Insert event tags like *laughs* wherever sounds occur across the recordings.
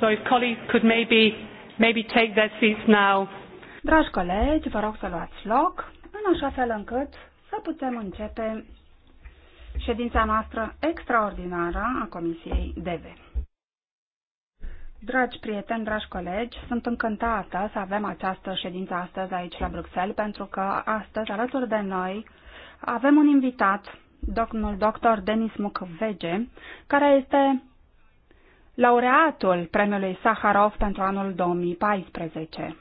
So if colleagues could maybe, maybe take their seats now. Dragi colegi, vă rog să luați loc, în așa fel încât să putem începe ședința noastră extraordinară a Comisiei DV. Dragi prieteni, dragi colegi, sunt încântată să avem această ședință astăzi aici la Bruxelles, pentru că astăzi, alături de noi, avem un invitat, domnul dr. Denis Mukwege, care este laureatul premiului Saharov pentru anul 2014.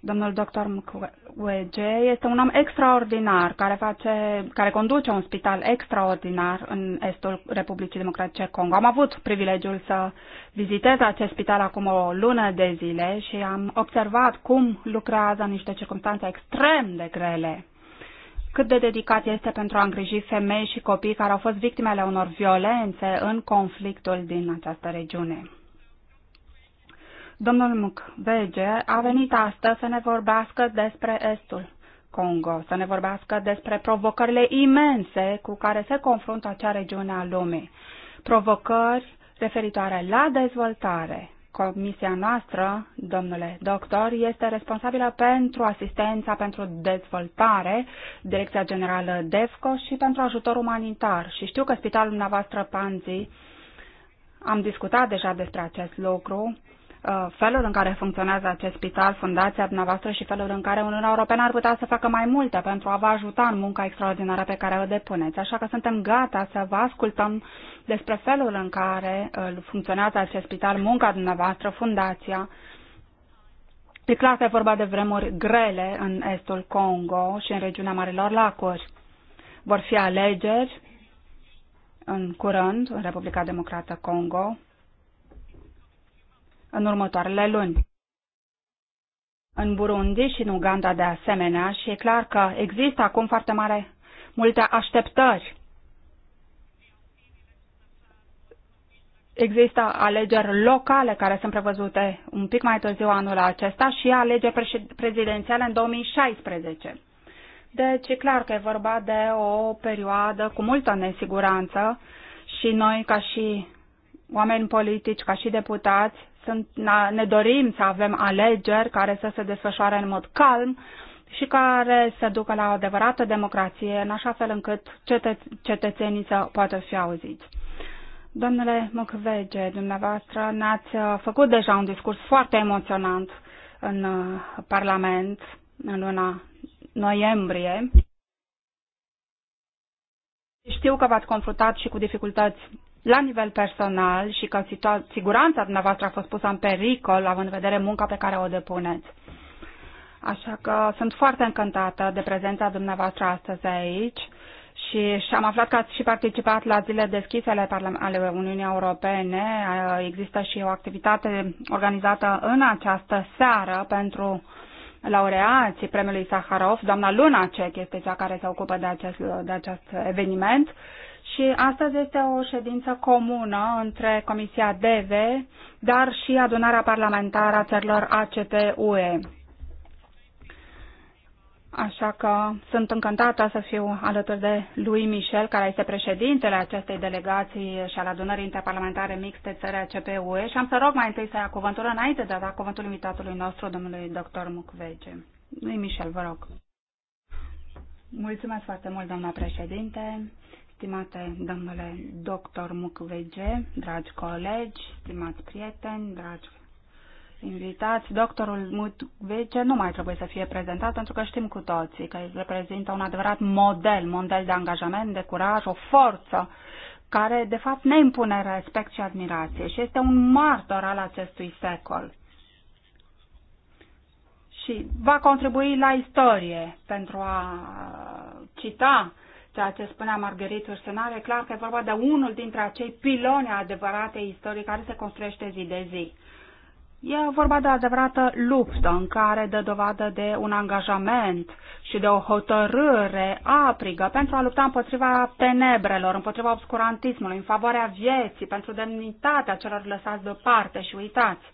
Domnul dr. Mukwege este un om extraordinar care, face, care conduce un spital extraordinar în estul Republicii Democratice Congo. Am avut privilegiul să vizitez acest spital acum o lună de zile și am observat cum lucrează în niște circunstanțe extrem de grele cât de dedicat este pentru a îngriji femei și copii care au fost victime ale unor violențe în conflictul din această regiune. Domnul Mukwege a venit astăzi să ne vorbească despre Estul Congo, să ne vorbească despre provocările imense cu care se confruntă acea regiune a lumii, provocări referitoare la dezvoltare, comisia noastră, domnule doctor, este responsabilă pentru asistența pentru dezvoltare, Direcția Generală DEFCO și pentru ajutor umanitar. Și știu că spitalul dumneavoastră Panzi, am discutat deja despre acest lucru, Uh, felul în care funcționează acest spital, fundația dumneavoastră și felul în care Uniunea Europeană ar putea să facă mai multe pentru a vă ajuta în munca extraordinară pe care o depuneți. Așa că suntem gata să vă ascultăm despre felul în care uh, funcționează acest spital, munca dumneavoastră, fundația. E clar că e vorba de vremuri grele în estul Congo și în regiunea Marilor Lacuri. Vor fi alegeri în curând în Republica Democrată Congo în următoarele luni. În Burundi și în Uganda de asemenea și e clar că există acum foarte mare, multe așteptări. Există alegeri locale care sunt prevăzute un pic mai târziu anul acesta și alegeri prezidențiale în 2016. Deci e clar că e vorba de o perioadă cu multă nesiguranță și noi ca și oameni politici, ca și deputați, sunt, ne dorim să avem alegeri care să se desfășoare în mod calm și care să ducă la o adevărată democrație, în așa fel încât cetă- cetățenii să poată fi auziți. Domnule Mukwege, dumneavoastră ne-ați uh, făcut deja un discurs foarte emoționant în uh, Parlament în luna noiembrie. Știu că v-ați confruntat și cu dificultăți la nivel personal și că siguranța dumneavoastră a fost pusă în pericol, având în vedere munca pe care o depuneți. Așa că sunt foarte încântată de prezența dumneavoastră astăzi aici și, și am aflat că ați și participat la zile deschise ale, ale Uniunii Europene. Uh, există și o activitate organizată în această seară pentru laureații premiului Saharov. Doamna Cech este cea care se ocupă de acest, de acest eveniment și astăzi este o ședință comună între Comisia DV, dar și adunarea parlamentară a țărilor act ue Așa că sunt încântată să fiu alături de lui Michel, care este președintele acestei delegații și al adunării interparlamentare mixte țări ACP-UE și am să rog mai întâi să ia cuvântul înainte de a da cuvântul invitatului nostru, domnului dr. Mukwege. Lui Michel, vă rog. Mulțumesc foarte mult, doamna președinte. Stimate domnule doctor Mukwege, dragi colegi, stimați prieteni, dragi invitați, doctorul Mukwege nu mai trebuie să fie prezentat pentru că știm cu toții că reprezintă un adevărat model, model de angajament, de curaj, o forță care de fapt ne impune respect și admirație și este un martor al acestui secol și va contribui la istorie pentru a cita ceea ce spunea Margherite Ursenar, e clar că e vorba de unul dintre acei piloni adevărate istorii care se construiește zi de zi. E vorba de adevărată luptă în care dă dovadă de un angajament și de o hotărâre aprigă pentru a lupta împotriva tenebrelor, împotriva obscurantismului, în favoarea vieții, pentru demnitatea celor lăsați deoparte și uitați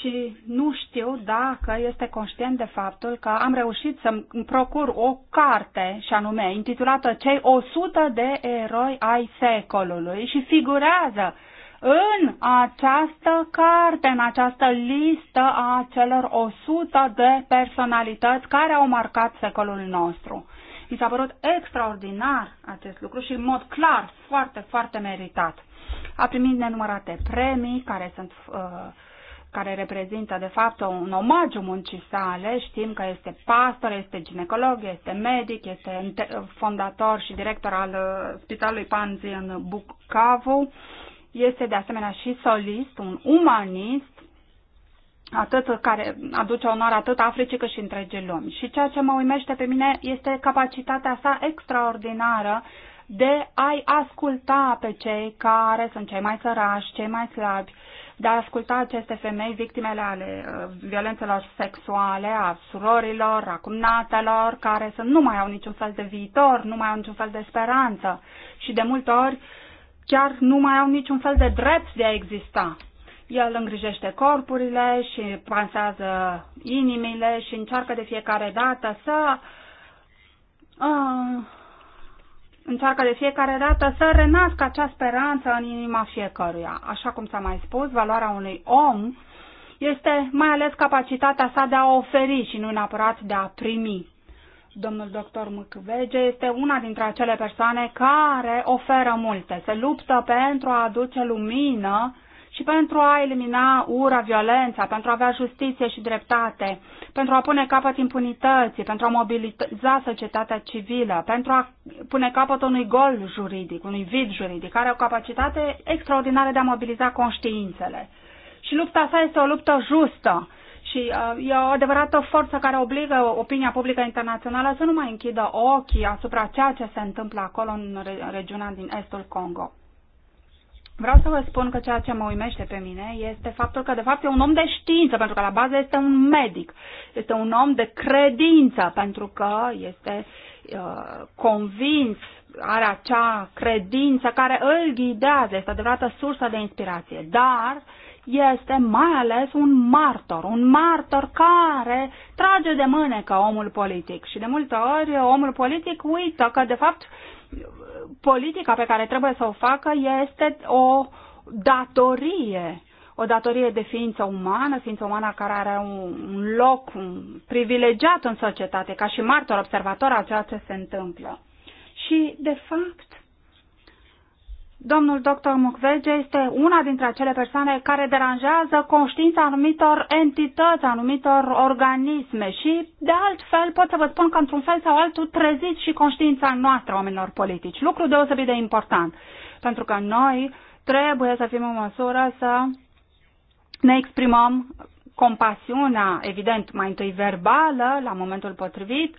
și nu știu dacă este conștient de faptul că am reușit să procur o carte, și anume, intitulată Cei 100 de eroi ai secolului și figurează în această carte, în această listă a celor 100 de personalități care au marcat secolul nostru. Mi s-a părut extraordinar acest lucru și în mod clar foarte, foarte meritat. A primit nenumărate premii care sunt uh, care reprezintă de fapt un omagiu muncii sale. Știm că este pastor, este ginecolog, este medic, este fondator și director al uh, Spitalului Panzi în Bukavu. Este de asemenea și solist, un umanist, atât care aduce onoare atât Africii cât și întregii lumi. Și ceea ce mă uimește pe mine este capacitatea sa extraordinară de a-i asculta pe cei care sunt cei mai sărași, cei mai slabi, de a asculta aceste femei, victimele ale uh, violențelor sexuale, a surorilor, a cumnatelor, care să nu mai au niciun fel de viitor, nu mai au niciun fel de speranță și de multe ori chiar nu mai au niciun fel de drept de a exista. El îngrijește corpurile și pansează inimile și încearcă de fiecare dată să uh, încearcă de fiecare dată să renască acea speranță în inima fiecăruia. Așa cum s-a mai spus, valoarea unui om este mai ales capacitatea sa de a oferi și nu neapărat de a primi. Domnul doctor Mcvege este una dintre acele persoane care oferă multe, se luptă pentru a aduce lumină și pentru a elimina ura, violența, pentru a avea justiție și dreptate, pentru a pune capăt impunității, pentru a mobiliza societatea civilă, pentru a pune capăt unui gol juridic, unui vid juridic, care are o capacitate extraordinară de a mobiliza conștiințele. Și lupta sa este o luptă justă, și uh, e o adevărată forță care obligă opinia publică internațională să nu mai închidă ochii asupra ceea ce se întâmplă acolo în, re- în regiunea din estul Congo. Vreau să vă spun că ceea ce mă uimește pe mine este faptul că, de fapt, e un om de știință, pentru că la bază este un medic. Este un om de credință, pentru că este uh, convins, are acea credință care îl ghidează, este adevărată sursă de inspirație. Dar este mai ales un martor, un martor care trage de mânecă omul politic. Și de multe ori omul politic uită că, de fapt, politica pe care trebuie să o facă este o datorie, o datorie de ființă umană, ființă umană care are un loc privilegiat în societate, ca și martor, observator a ceea ce se întâmplă. Și, de fapt, Domnul doctor Mukwege este una dintre acele persoane care deranjează conștiința anumitor entități, anumitor organisme și, de altfel, pot să vă spun că, într-un fel sau altul, treziți și conștiința noastră oamenilor politici. Lucru deosebit de important, pentru că noi trebuie să fim în măsură să ne exprimăm compasiunea, evident, mai întâi verbală, la momentul potrivit,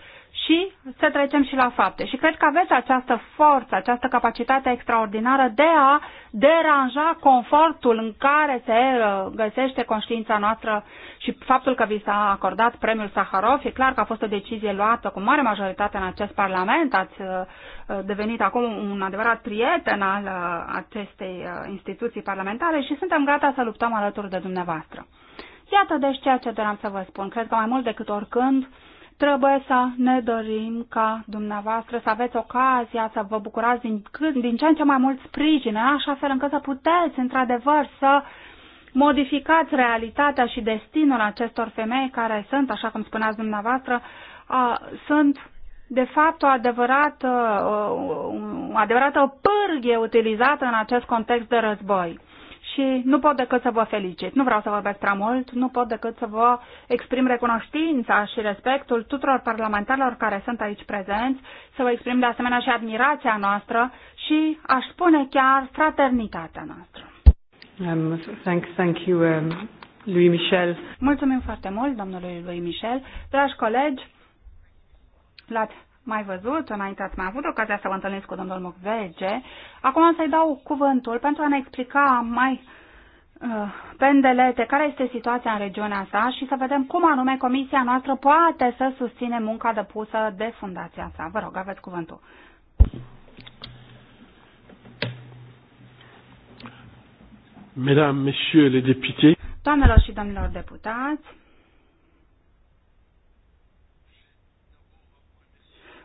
și să trecem și la fapte. Și cred că aveți această forță, această capacitate extraordinară de a deranja confortul în care se uh, găsește conștiința noastră și faptul că vi s-a acordat premiul Saharov. E clar că a fost o decizie luată cu mare majoritate în acest Parlament. Ați uh, devenit acum un adevărat prieten al uh, acestei instituții parlamentare și suntem gata să luptăm alături de dumneavoastră. Iată deci ceea ce doream să vă spun. Cred că mai mult decât oricând, Trebuie să ne dorim ca dumneavoastră să aveți ocazia să vă bucurați din, din ce în ce mai mult sprijin, așa fel încât să puteți, într-adevăr, să modificați realitatea și destinul acestor femei care sunt, așa cum spuneați dumneavoastră, a, sunt de fapt o adevărată, o adevărată pârghie utilizată în acest context de război și nu pot decât să vă felicit. Nu vreau să vorbesc prea mult, nu pot decât să vă exprim recunoștința și respectul tuturor parlamentarilor care sunt aici prezenți, să vă exprim de asemenea și admirația noastră și aș spune chiar fraternitatea noastră. Um, thank, thank you, um, Louis Michel. Mulțumim foarte mult, domnului Louis Michel. Dragi colegi, la mai văzut, înainte ați mai avut ocazia să vă întâlniți cu domnul Mukwege. Acum să-i dau cuvântul pentru a ne explica mai uh, pendelete, care este situația în regiunea sa și să vedem cum anume comisia noastră poate să susține munca depusă de fundația sa. Vă rog, aveți cuvântul. Mesdames, Messieurs les députés. Doamnelor și domnilor deputați,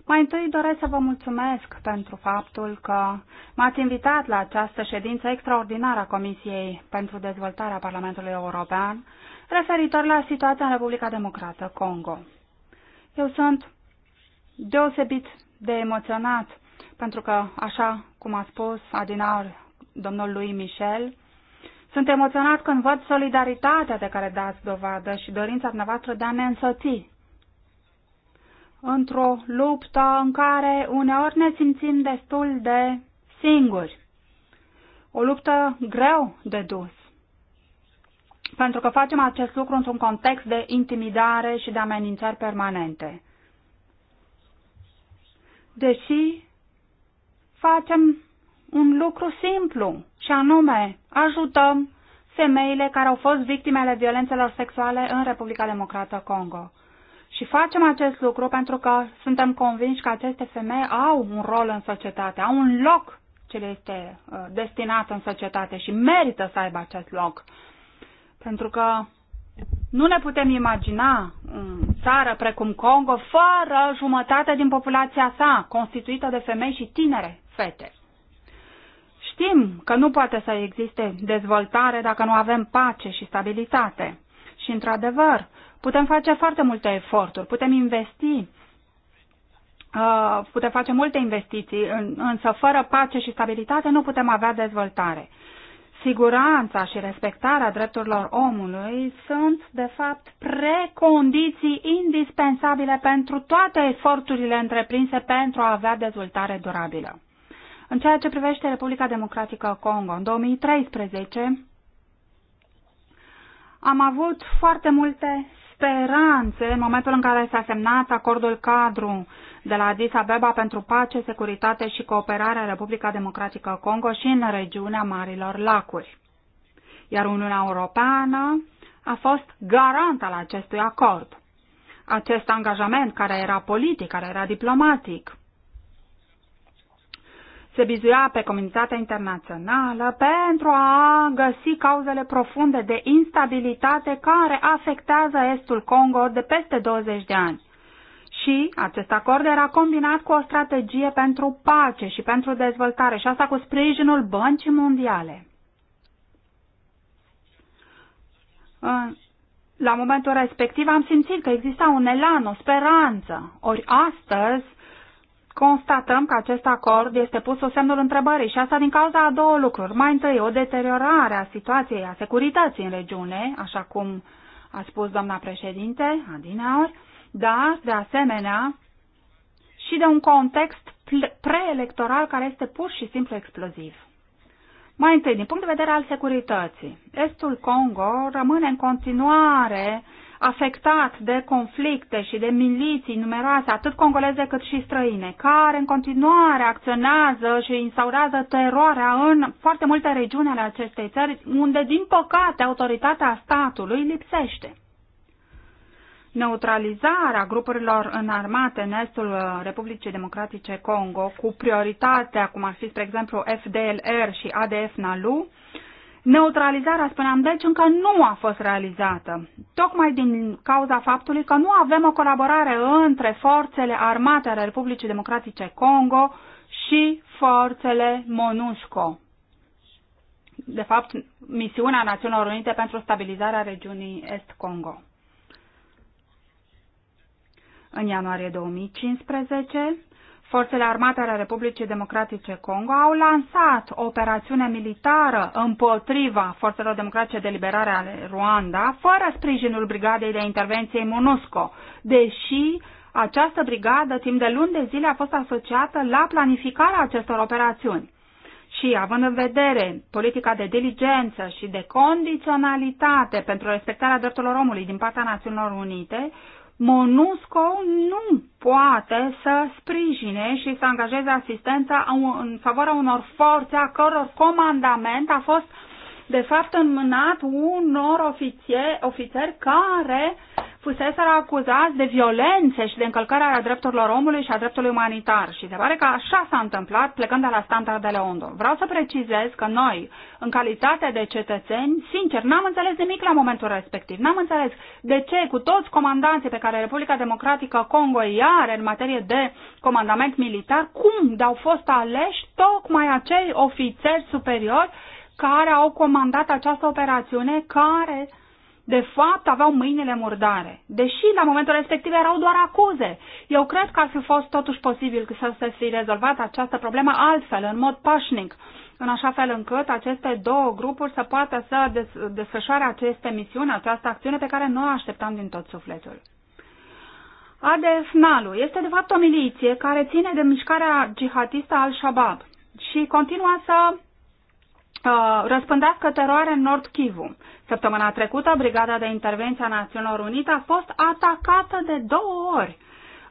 Mai întâi doresc să vă mulțumesc pentru faptul că m-ați invitat la această ședință extraordinară a Comisiei pentru Dezvoltarea Parlamentului European referitor la situația în Republica Democrată Congo. Eu sunt deosebit de emoționat pentru că, așa cum a spus Adinaur domnul lui Michel, sunt emoționat când văd solidaritatea de care dați dovadă și dorința dumneavoastră de a ne însoți într-o luptă în care uneori ne simțim destul de singuri. O luptă greu de dus. Pentru că facem acest lucru într-un context de intimidare și de amenințări permanente. Deși facem un lucru simplu, și anume ajutăm femeile care au fost victimele violențelor sexuale în Republica Democrată Congo. Și facem acest lucru pentru că suntem convinși că aceste femei au un rol în societate, au un loc ce le este uh, destinat în societate și merită să aibă acest loc. Pentru că nu ne putem imagina în țară precum Congo fără jumătate din populația sa, constituită de femei și tinere fete. Știm că nu poate să existe dezvoltare dacă nu avem pace și stabilitate. Și, într-adevăr, putem face foarte multe eforturi, putem investi, uh, putem face multe investiții, însă fără pace și stabilitate nu putem avea dezvoltare. Siguranța și respectarea drepturilor omului sunt, de fapt, precondiții indispensabile pentru toate eforturile întreprinse pentru a avea dezvoltare durabilă. În ceea ce privește Republica Democratică Congo, în 2013, am avut foarte multe speranțe în momentul în care s-a semnat acordul cadru de la Addis Abeba pentru pace, securitate și cooperare în Republica Democratică Congo și în regiunea Marilor Lacuri. Iar Uniunea Europeană a fost garant al acestui acord. Acest angajament care era politic, care era diplomatic, se bizuia pe comunitatea internațională pentru a găsi cauzele profunde de instabilitate care afectează estul Congo de peste 20 de ani. Și acest acord era combinat cu o strategie pentru pace și pentru dezvoltare și asta cu sprijinul băncii mondiale. La momentul respectiv am simțit că exista un elan, o speranță. Ori astăzi constatăm că acest acord este pus sub semnul întrebării și asta din cauza a două lucruri. Mai întâi, o deteriorare a situației, a securității în regiune, așa cum a spus doamna președinte Adinaur, dar, de asemenea, și de un context preelectoral care este pur și simplu exploziv. Mai întâi, din punct de vedere al securității, Estul Congo rămâne în continuare uh, afectat de conflicte și de miliții numeroase, atât congoleze cât și străine, care în continuare acționează și instaurează teroarea în foarte multe regiuni ale acestei țări, unde, din păcate, autoritatea statului lipsește. Neutralizarea grupurilor înarmate în estul uh, Republicii Democratice Congo, cu prioritatea, cum ar fi, spre exemplu, FDLR și ADF-NALU, Neutralizarea, spuneam deci, încă nu a fost realizată, tocmai din cauza faptului că nu avem o colaborare între forțele armate ale Republicii Democratice Congo și forțele MONUSCO. De fapt, misiunea Națiunilor Unite pentru stabilizarea regiunii Est-Congo. În ianuarie 2015, Forțele armate ale Republicii Democratice Congo au lansat o operațiune militară împotriva Forțelor Democratice de Liberare ale Ruanda, fără sprijinul Brigadei de Intervenție MONUSCO, deși această brigadă timp de luni de zile a fost asociată la planificarea acestor operațiuni. Și având în vedere politica de diligență și de condiționalitate pentru respectarea drepturilor omului din partea Națiunilor Unite, MONUSCO nu poate să sprijine și să angajeze asistența în favoarea unor forțe a căror comandament a fost de fapt înmânat unor ofițeri, ofițeri care fusese acuzați de violențe și de încălcarea drepturilor omului și a dreptului umanitar. Și se pare că așa s-a întâmplat plecând de la standardele ONU. Vreau să precizez că noi, în calitate de cetățeni, sincer, n-am înțeles nimic la momentul respectiv. N-am înțeles de ce cu toți comandanții pe care Republica Democratică Congo îi are în materie de comandament militar, cum au fost aleși tocmai acei ofițeri superiori care au comandat această operațiune care de fapt aveau mâinile murdare. Deși la momentul respectiv erau doar acuze. Eu cred că ar fi fost totuși posibil să se fi rezolvat această problemă altfel, în mod pașnic, în așa fel încât aceste două grupuri să poată să des- desfășoare aceste misiuni, această acțiune pe care noi o așteptam din tot sufletul. ADF-NALU este de fapt o miliție care ține de mișcarea jihadistă al Shabab și continuă să uh, răspândească teroare în Nord Kivu. Săptămâna trecută, Brigada de Intervenție a Națiunilor Unite a fost atacată de două ori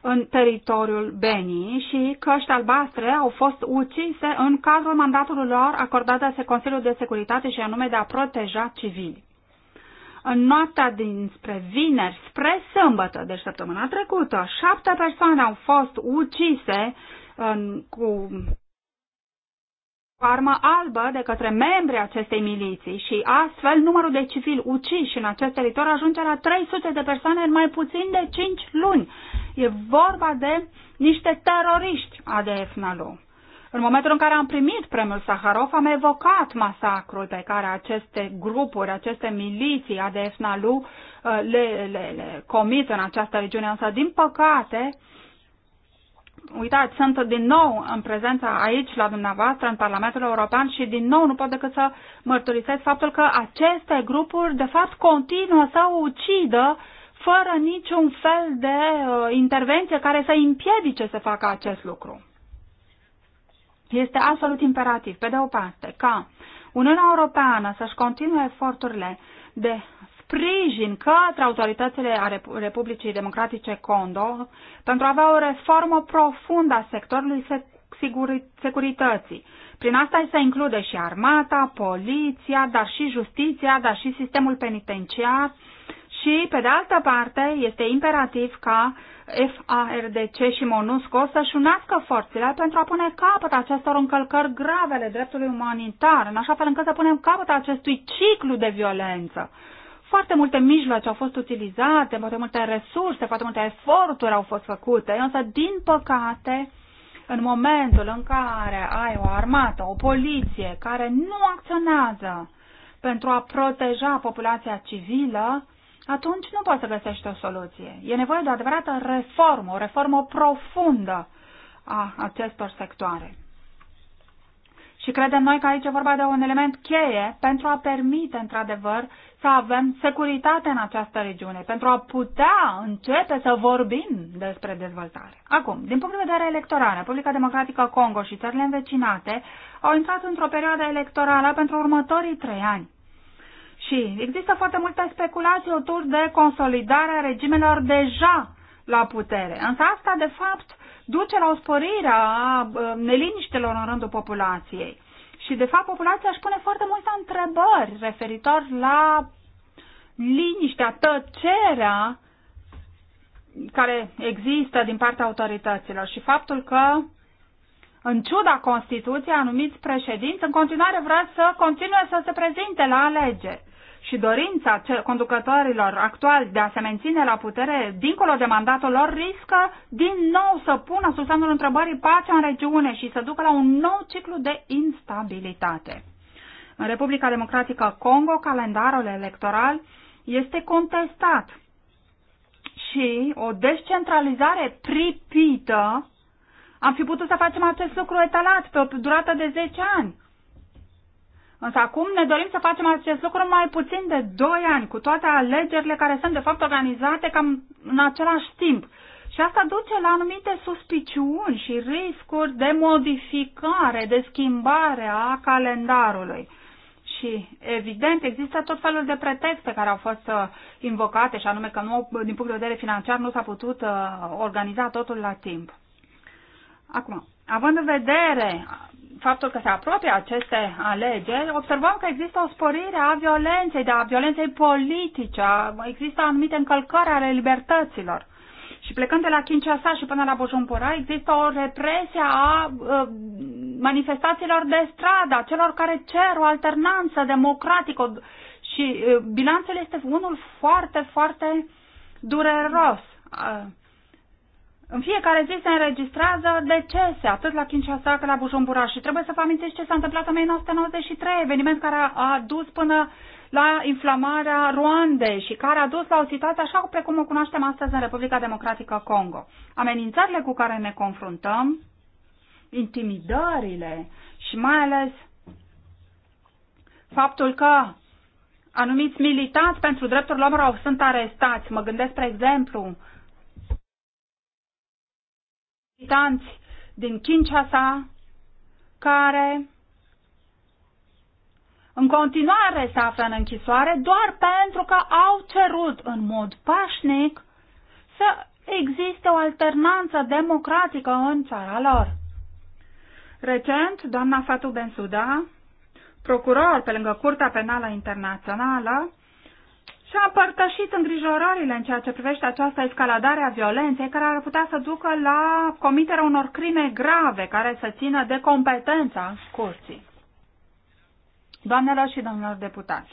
în teritoriul Beni și căști albastre au fost ucise în cadrul mandatului lor acordat de Consiliul de Securitate și anume de a proteja civili. În noaptea dinspre vineri spre sâmbătă, deci săptămâna trecută, șapte persoane au fost ucise în, cu armă albă de către membrii acestei miliții și astfel numărul de civili uciși în acest teritoriu ajunge la 300 de persoane în mai puțin de 5 luni. E vorba de niște teroriști ADF Nalu. În momentul în care am primit premiul Saharov, am evocat masacrul pe care aceste grupuri, aceste miliții ADF Nalu uh, le, le, le comit în această regiune, însă din păcate uitați, sunt din nou în prezența aici la dumneavoastră, în Parlamentul European și din nou nu pot decât să mărturisesc faptul că aceste grupuri de fapt continuă să ucidă fără niciun fel de uh, intervenție care să împiedice să facă acest lucru. Este absolut imperativ, pe de o parte, ca Uniunea Europeană să-și continue eforturile de sprijin către autoritățile Republicii Democratice Condo pentru a avea o reformă profundă a sectorului securității. Prin asta se include și armata, poliția, dar și justiția, dar și sistemul penitenciar și, pe de altă parte, este imperativ ca FARDC și MONUSCO să-și unească forțele pentru a pune capăt acestor încălcări grave ale dreptului umanitar, în așa fel încât să punem capăt acestui ciclu de violență foarte multe mijloace au fost utilizate, foarte multe resurse, foarte multe eforturi au fost făcute, însă, din păcate, în momentul în care ai o armată, o poliție care nu acționează pentru a proteja populația civilă, atunci nu poți să găsești o soluție. E nevoie de o adevărată reformă, o reformă profundă a acestor sectoare. Și credem noi că aici e vorba de un element cheie pentru a permite, într-adevăr, să avem securitate în această regiune, pentru a putea începe să vorbim despre dezvoltare. Acum, din punct de vedere electoral, Republica Democratică Congo și țările învecinate au intrat într-o perioadă electorală pentru următorii trei ani. Și există foarte multe speculații autour de consolidarea regimelor deja la putere. Însă asta, de fapt, duce la o sporire a neliniștelor în rândul populației. Și, de fapt, populația își pune foarte multe întrebări referitor la liniștea, tăcerea care există din partea autorităților și faptul că, în ciuda Constituției, anumiți președinți în continuare vrea să continue să se prezinte la alegeri și dorința conducătorilor actuali de a se menține la putere dincolo de mandatul lor riscă din nou să pună sub semnul întrebării pacea în regiune și să ducă la un nou ciclu de instabilitate. În Republica Democratică Congo, calendarul electoral este contestat și o descentralizare pripită am fi putut să facem acest lucru etalat pe o durată de 10 ani Însă acum ne dorim să facem acest lucru mai puțin de 2 ani, cu toate alegerile care sunt de fapt organizate cam în același timp. Și asta duce la anumite suspiciuni și riscuri de modificare, de schimbare a calendarului. Și, evident, există tot felul de pretexte care au fost uh, invocate, și anume că nu, din punct de vedere financiar nu s-a putut uh, organiza totul la timp. Acum, având în vedere faptul că se apropie aceste alegeri, observăm că există o sporire a violenței, de a violenței politice, există anumite încălcări ale libertăților. Și plecând de la Kinshasa și până la Bujumbura, există o represie a manifestațiilor de stradă, a celor care cer o alternanță democratică. Și bilanțul este unul foarte, foarte dureros. În fiecare zi se înregistrează decese, atât la Kinshasa cât la Bujumbura și trebuie să vă amintești ce s-a întâmplat în 1993, eveniment care a, a dus până la inflamarea Ruandei și care a dus la o situație așa precum o cunoaștem astăzi în Republica Democratică Congo. Amenințările cu care ne confruntăm, intimidările și mai ales faptul că anumiți militanți pentru drepturile omului sunt arestați. Mă gândesc, spre exemplu, militanți din sa, care în continuare se află în închisoare doar pentru că au cerut în mod pașnic să existe o alternanță democratică în țara lor. Recent, doamna Fatou Bensuda, procuror pe lângă Curtea Penală Internațională, și a împărtășit îngrijorările în ceea ce privește această escaladare a violenței care ar putea să ducă la comiterea unor crime grave care să țină de competența curții. Doamnelor și domnilor deputați,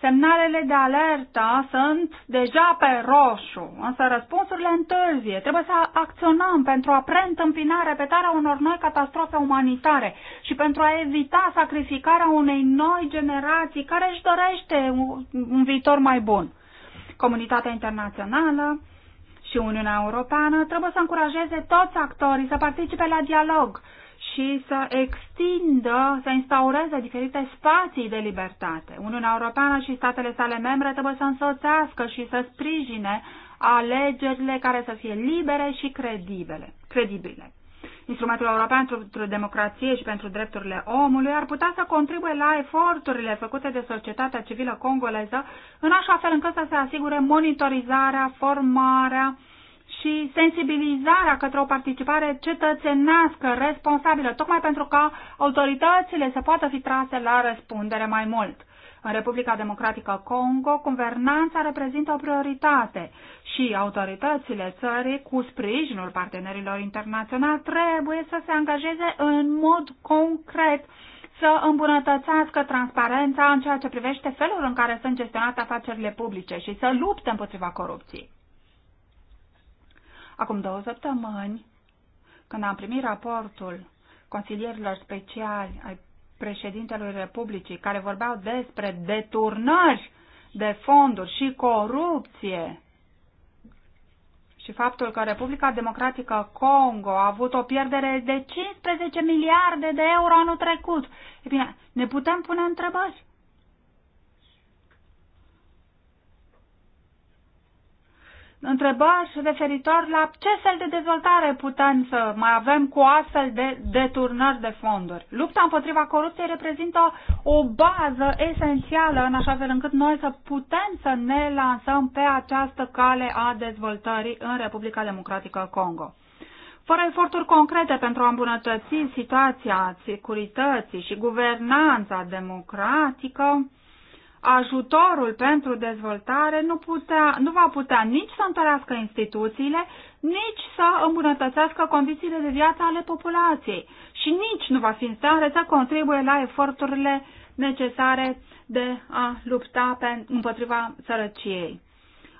semnalele de alertă sunt deja pe roșu, însă răspunsurile întârzie. Trebuie să acționăm pentru a preîntâmpina repetarea unor noi catastrofe umanitare și pentru a evita sacrificarea unei noi generații care își dorește un viitor mai bun. Comunitatea internațională și Uniunea Europeană trebuie să încurajeze toți actorii să participe la dialog, și să extindă, să instaureze diferite spații de libertate. Uniunea Europeană și statele sale membre trebuie să însoțească și să sprijine alegerile care să fie libere și credibile. credibile. Instrumentul european pentru democrație și pentru drepturile omului ar putea să contribuie la eforturile făcute de societatea civilă congoleză în așa fel încât să se asigure monitorizarea, formarea, și sensibilizarea către o participare cetățenească responsabilă, tocmai pentru ca autoritățile să poată fi trase la răspundere mai mult. În Republica Democratică Congo, guvernanța reprezintă o prioritate și autoritățile țării, cu sprijinul partenerilor internaționali, trebuie să se angajeze în mod concret să îmbunătățească transparența în ceea ce privește felul în care sunt gestionate afacerile publice și să lupte împotriva corupției. Acum două săptămâni, când am primit raportul consilierilor speciali ai președintelui Republicii, care vorbeau despre deturnări de fonduri și corupție, și faptul că Republica Democratică Congo a avut o pierdere de 15 miliarde de euro anul trecut. E bine, ne putem pune întrebări. întrebări referitor la ce fel de dezvoltare putem să mai avem cu astfel de deturnări de fonduri. Lupta împotriva corupției reprezintă o bază esențială în așa fel încât noi să putem să ne lansăm pe această cale a dezvoltării în Republica Democratică Congo. Fără eforturi concrete pentru a îmbunătăți situația securității și guvernanța democratică, ajutorul pentru dezvoltare nu, putea, nu va putea nici să întărească instituțiile, nici să îmbunătățească condițiile de viață ale populației și nici nu va fi în stare să contribuie la eforturile necesare de a lupta pe, împotriva sărăciei.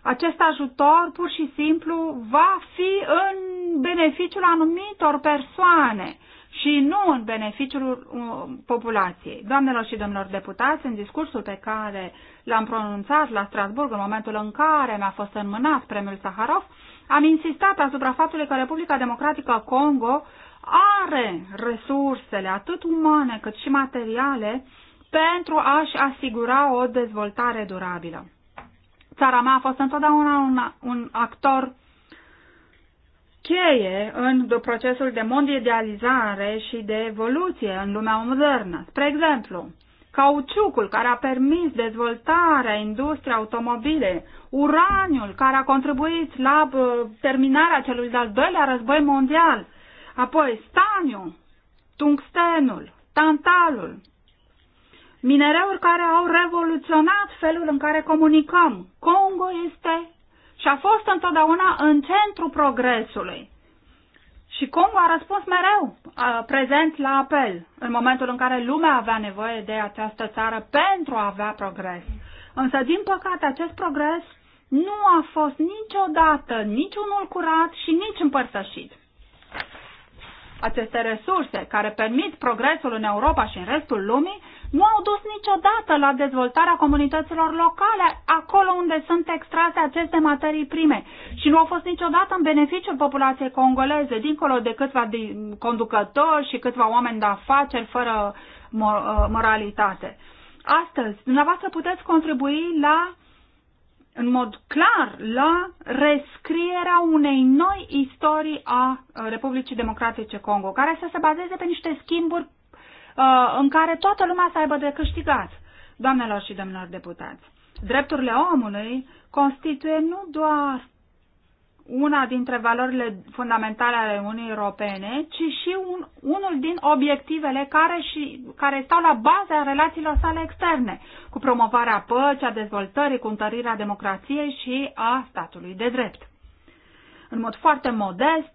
Acest ajutor pur și simplu va fi în beneficiul anumitor persoane și nu în beneficiul uh, populației. Doamnelor și domnilor deputați, în discursul pe care l-am pronunțat la Strasburg în momentul în care mi-a fost înmânat premiul Saharov, am insistat asupra faptului că Republica Democratică Congo are resursele atât umane cât și materiale pentru a-și asigura o dezvoltare durabilă. Țara mea a fost întotdeauna un, un actor cheie în procesul de mondializare și de evoluție în lumea modernă. Spre exemplu, cauciucul care a permis dezvoltarea industriei automobile, uraniul care a contribuit la uh, terminarea celui de-al doilea război mondial, apoi staniu, tungstenul, tantalul, minereuri care au revoluționat felul în care comunicăm. Congo este și a fost întotdeauna în centru progresului. Și Congo a răspuns mereu a, prezent la apel, în momentul în care lumea avea nevoie de această țară pentru a avea progres. Însă, din păcate, acest progres nu a fost niciodată niciunul curat și nici împărtășit. Aceste resurse care permit progresul în Europa și în restul lumii nu au dus niciodată la dezvoltarea comunităților locale, acolo unde sunt extrase aceste materii prime și nu au fost niciodată în beneficiul populației congoleze, dincolo de câțiva conducători și câțiva oameni de afaceri fără ă, moralitate. Astăzi, dumneavoastră puteți contribui la în mod clar la rescrierea unei noi istorii a Republicii Democratice Congo, care să se bazeze pe niște schimburi Uh, în care toată lumea să aibă de câștigat, doamnelor și domnilor deputați. Drepturile omului constituie nu doar una dintre valorile fundamentale ale Uniunii Europene, ci și un, unul din obiectivele care, și, care stau la baza relațiilor sale externe, cu promovarea păcii, a dezvoltării, cu întărirea democrației și a statului de drept. În mod foarte modest,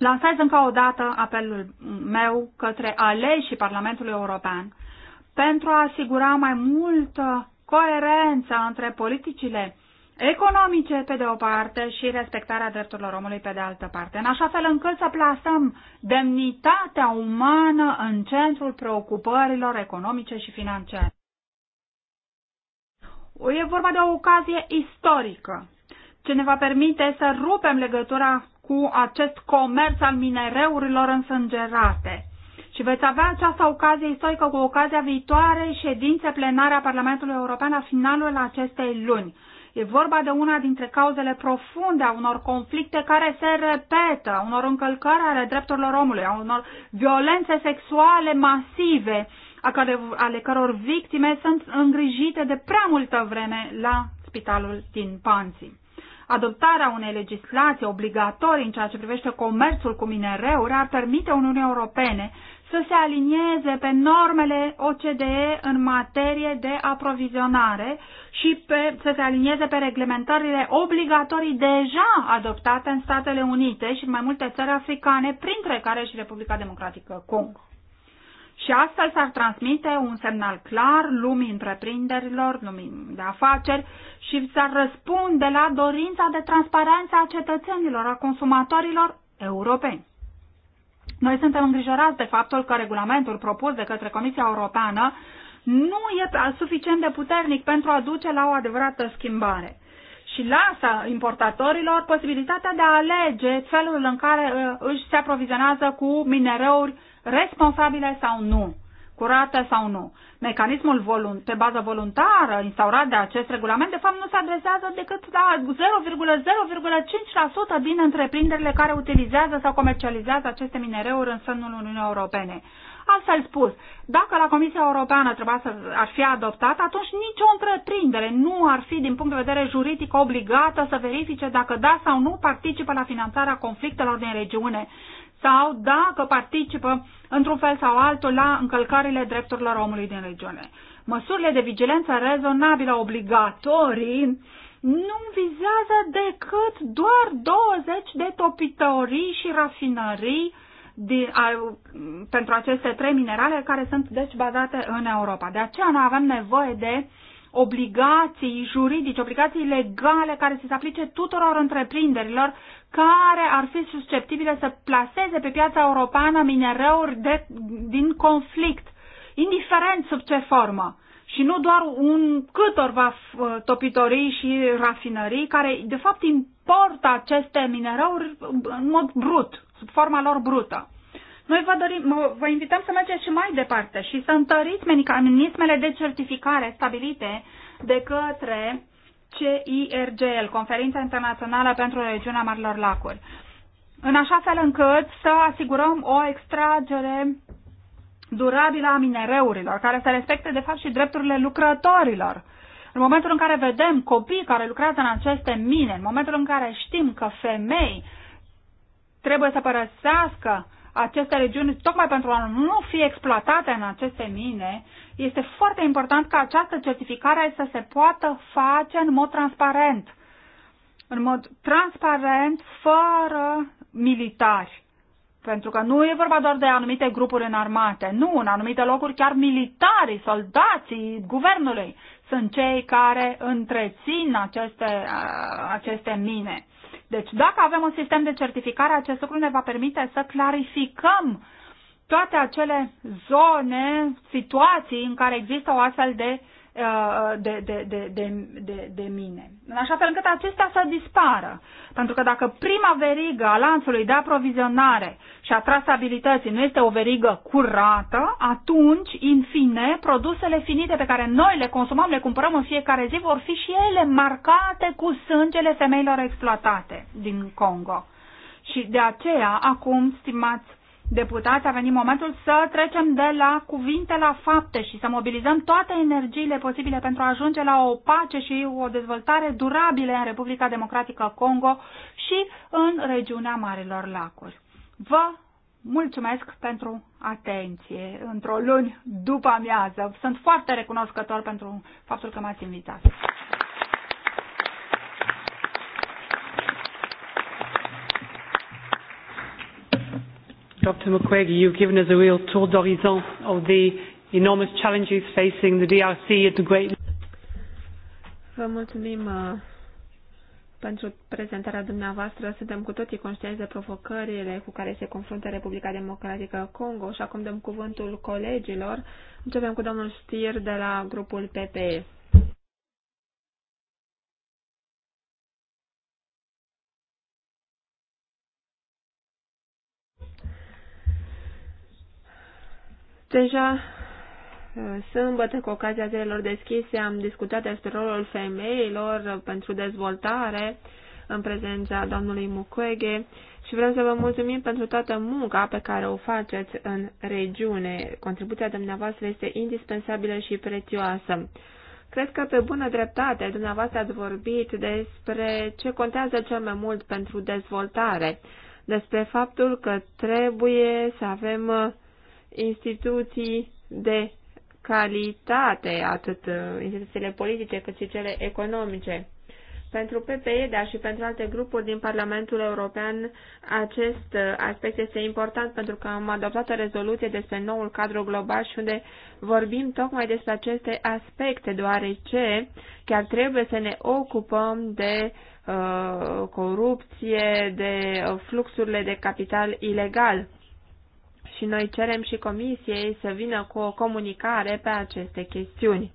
Lansez încă o dată apelul meu către aleșii Parlamentului European pentru a asigura mai multă coerență între politicile economice pe de o parte și respectarea drepturilor omului pe de altă parte, în așa fel încât să plasăm demnitatea umană în centrul preocupărilor economice și financiare. E vorba de o ocazie istorică ce ne va permite să rupem legătura cu acest comerț al minereurilor însângerate. Și veți avea această ocazie istorică cu ocazia viitoare, ședințe plenare a Parlamentului European la finalul acestei luni. E vorba de una dintre cauzele profunde a unor conflicte care se repetă, a unor încălcări ale drepturilor omului, a unor violențe sexuale masive, ale căror victime sunt îngrijite de prea multă vreme la spitalul din Panții adoptarea unei legislații obligatorii în ceea ce privește comerțul cu minereuri ar permite Uniunii Europene să se alinieze pe normele OCDE în materie de aprovizionare și pe, să se alinieze pe reglementările obligatorii deja adoptate în Statele Unite și în mai multe țări africane, printre care și Republica Democratică Congo. Și astfel s-ar transmite un semnal clar lumii întreprinderilor, lumii de afaceri și s-ar răspunde la dorința de transparență a cetățenilor, a consumatorilor europeni. Noi suntem îngrijorați de faptul că regulamentul propus de către Comisia Europeană nu e suficient de puternic pentru a duce la o adevărată schimbare și lasă importatorilor posibilitatea de a alege felul în care uh, își se aprovizionează cu minereuri responsabile sau nu, curate sau nu. Mecanismul pe bază voluntară instaurat de acest regulament, de fapt, nu se adresează decât la 0,0,5% din întreprinderile care utilizează sau comercializează aceste minereuri în sânul Uniunii Europene. Altfel spus, dacă la Comisia Europeană trebuia să ar fi adoptat, atunci nicio întreprindere nu ar fi, din punct de vedere juridic, obligată să verifice dacă da sau nu participă la finanțarea conflictelor din regiune sau dacă participă într-un fel sau altul la încălcările drepturilor omului din regiune. Măsurile de vigilență rezonabilă obligatorii nu vizează decât doar 20 de topitorii și rafinării din, a, pentru aceste trei minerale care sunt deci bazate în Europa. De aceea noi avem nevoie de obligații juridice, obligații legale care să se aplice tuturor întreprinderilor care ar fi susceptibile să placeze pe piața europeană minereuri de, din conflict, indiferent sub ce formă. Și nu doar un câtorva topitorii și rafinării care, de fapt, importă aceste minereuri în mod brut, sub forma lor brută. Noi vă, dorim, vă invităm să mergeți și mai departe și să întăriți mecanismele de certificare stabilite de către CIRGL, Conferința Internațională pentru Regiunea Marilor Lacuri, în așa fel încât să asigurăm o extragere durabilă a minereurilor, care să respecte de fapt și drepturile lucrătorilor. În momentul în care vedem copii care lucrează în aceste mine, în momentul în care știm că femei trebuie să părăsească aceste regiuni, tocmai pentru a nu fi exploatate în aceste mine, este foarte important ca această certificare să se poată face în mod transparent. În mod transparent, fără militari. Pentru că nu e vorba doar de anumite grupuri armate, Nu, în anumite locuri chiar militarii, soldații guvernului sunt cei care întrețin aceste, aceste mine. Deci dacă avem un sistem de certificare, acest lucru ne va permite să clarificăm toate acele zone, situații în care există o astfel de Uh, de, de, de, de, de, de mine. În așa fel încât acestea să dispară. Pentru că dacă prima verigă a lanțului de aprovizionare și a trasabilității nu este o verigă curată, atunci, în fine, produsele finite pe care noi le consumăm, le cumpărăm în fiecare zi, vor fi și ele marcate cu sângele femeilor exploatate din Congo. Și de aceea, acum, stimați deputați, a venit momentul să trecem de la cuvinte la fapte și să mobilizăm toate energiile posibile pentru a ajunge la o pace și o dezvoltare durabile în Republica Democratică Congo și în regiunea Marilor Lacuri. Vă mulțumesc pentru atenție într-o luni după amiază. Sunt foarte recunoscător pentru faptul că m-ați invitat. Dr. Mukwege, you've given us a real tour d'horizon of the enormous challenges facing the DRC at the great... Vă mulțumim uh, pentru prezentarea dumneavoastră. Suntem cu toții conștienți de provocările cu care se confruntă Republica Democratică Congo și acum dăm cuvântul colegilor. Începem cu domnul Stier de la grupul PPE. Deja uh, sâmbătă, cu ocazia zilelor deschise, am discutat despre rolul femeilor pentru dezvoltare în prezența domnului Mukwege și vrem să vă mulțumim pentru toată munca pe care o faceți în regiune. Contribuția dumneavoastră este indispensabilă și prețioasă. Cred că pe bună dreptate dumneavoastră ați vorbit despre ce contează cel mai mult pentru dezvoltare, despre faptul că trebuie să avem uh, instituții de calitate, atât uh, instituțiile politice cât și cele economice. Pentru PPE, dar și pentru alte grupuri din Parlamentul European, acest uh, aspect este important pentru că am adoptat o rezoluție despre noul cadru global și unde vorbim tocmai despre aceste aspecte, deoarece chiar trebuie să ne ocupăm de uh, corupție, de uh, fluxurile de capital ilegal și noi cerem și comisiei să vină cu o comunicare pe aceste chestiuni.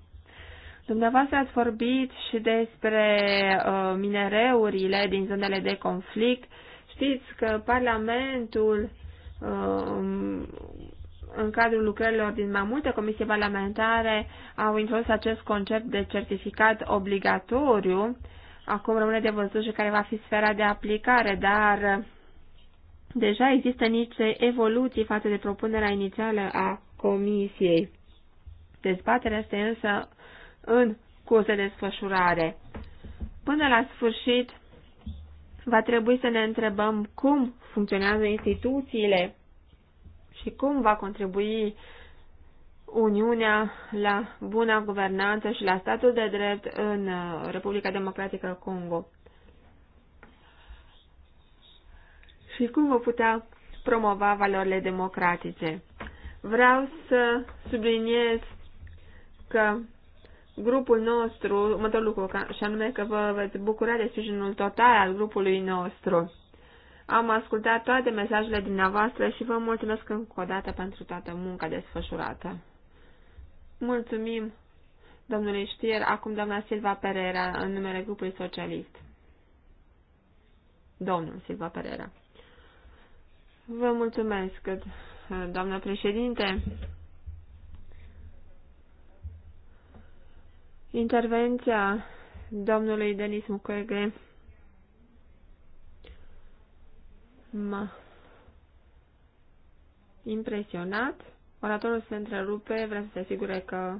Dumneavoastră ați vorbit și despre uh, minereurile din zonele de conflict. Știți că Parlamentul, uh, în cadrul lucrărilor din mai multe comisii parlamentare, au introdus acest concept de certificat obligatoriu. Acum rămâne de văzut și care va fi sfera de aplicare, dar Deja există niște evoluții față de propunerea inițială a Comisiei. Dezbaterea este însă în curs de desfășurare. Până la sfârșit, va trebui să ne întrebăm cum funcționează instituțiile și cum va contribui Uniunea la buna guvernanță și la statul de drept în uh, Republica Democratică Congo. și cum vă putea promova valorile democratice. Vreau să subliniez că grupul nostru, următorul lucru, și anume că vă veți bucura de sprijinul total al grupului nostru. Am ascultat toate mesajele dumneavoastră și vă mulțumesc încă o dată pentru toată munca desfășurată. Mulțumim, domnule Știer, acum doamna Silva Pereira, în numele grupului socialist. Domnul Silva Pereira. Vă mulțumesc, doamnă președinte. Intervenția domnului Denis Mukwege m-a impresionat. Oratorul se întrerupe, vrea să se asigure că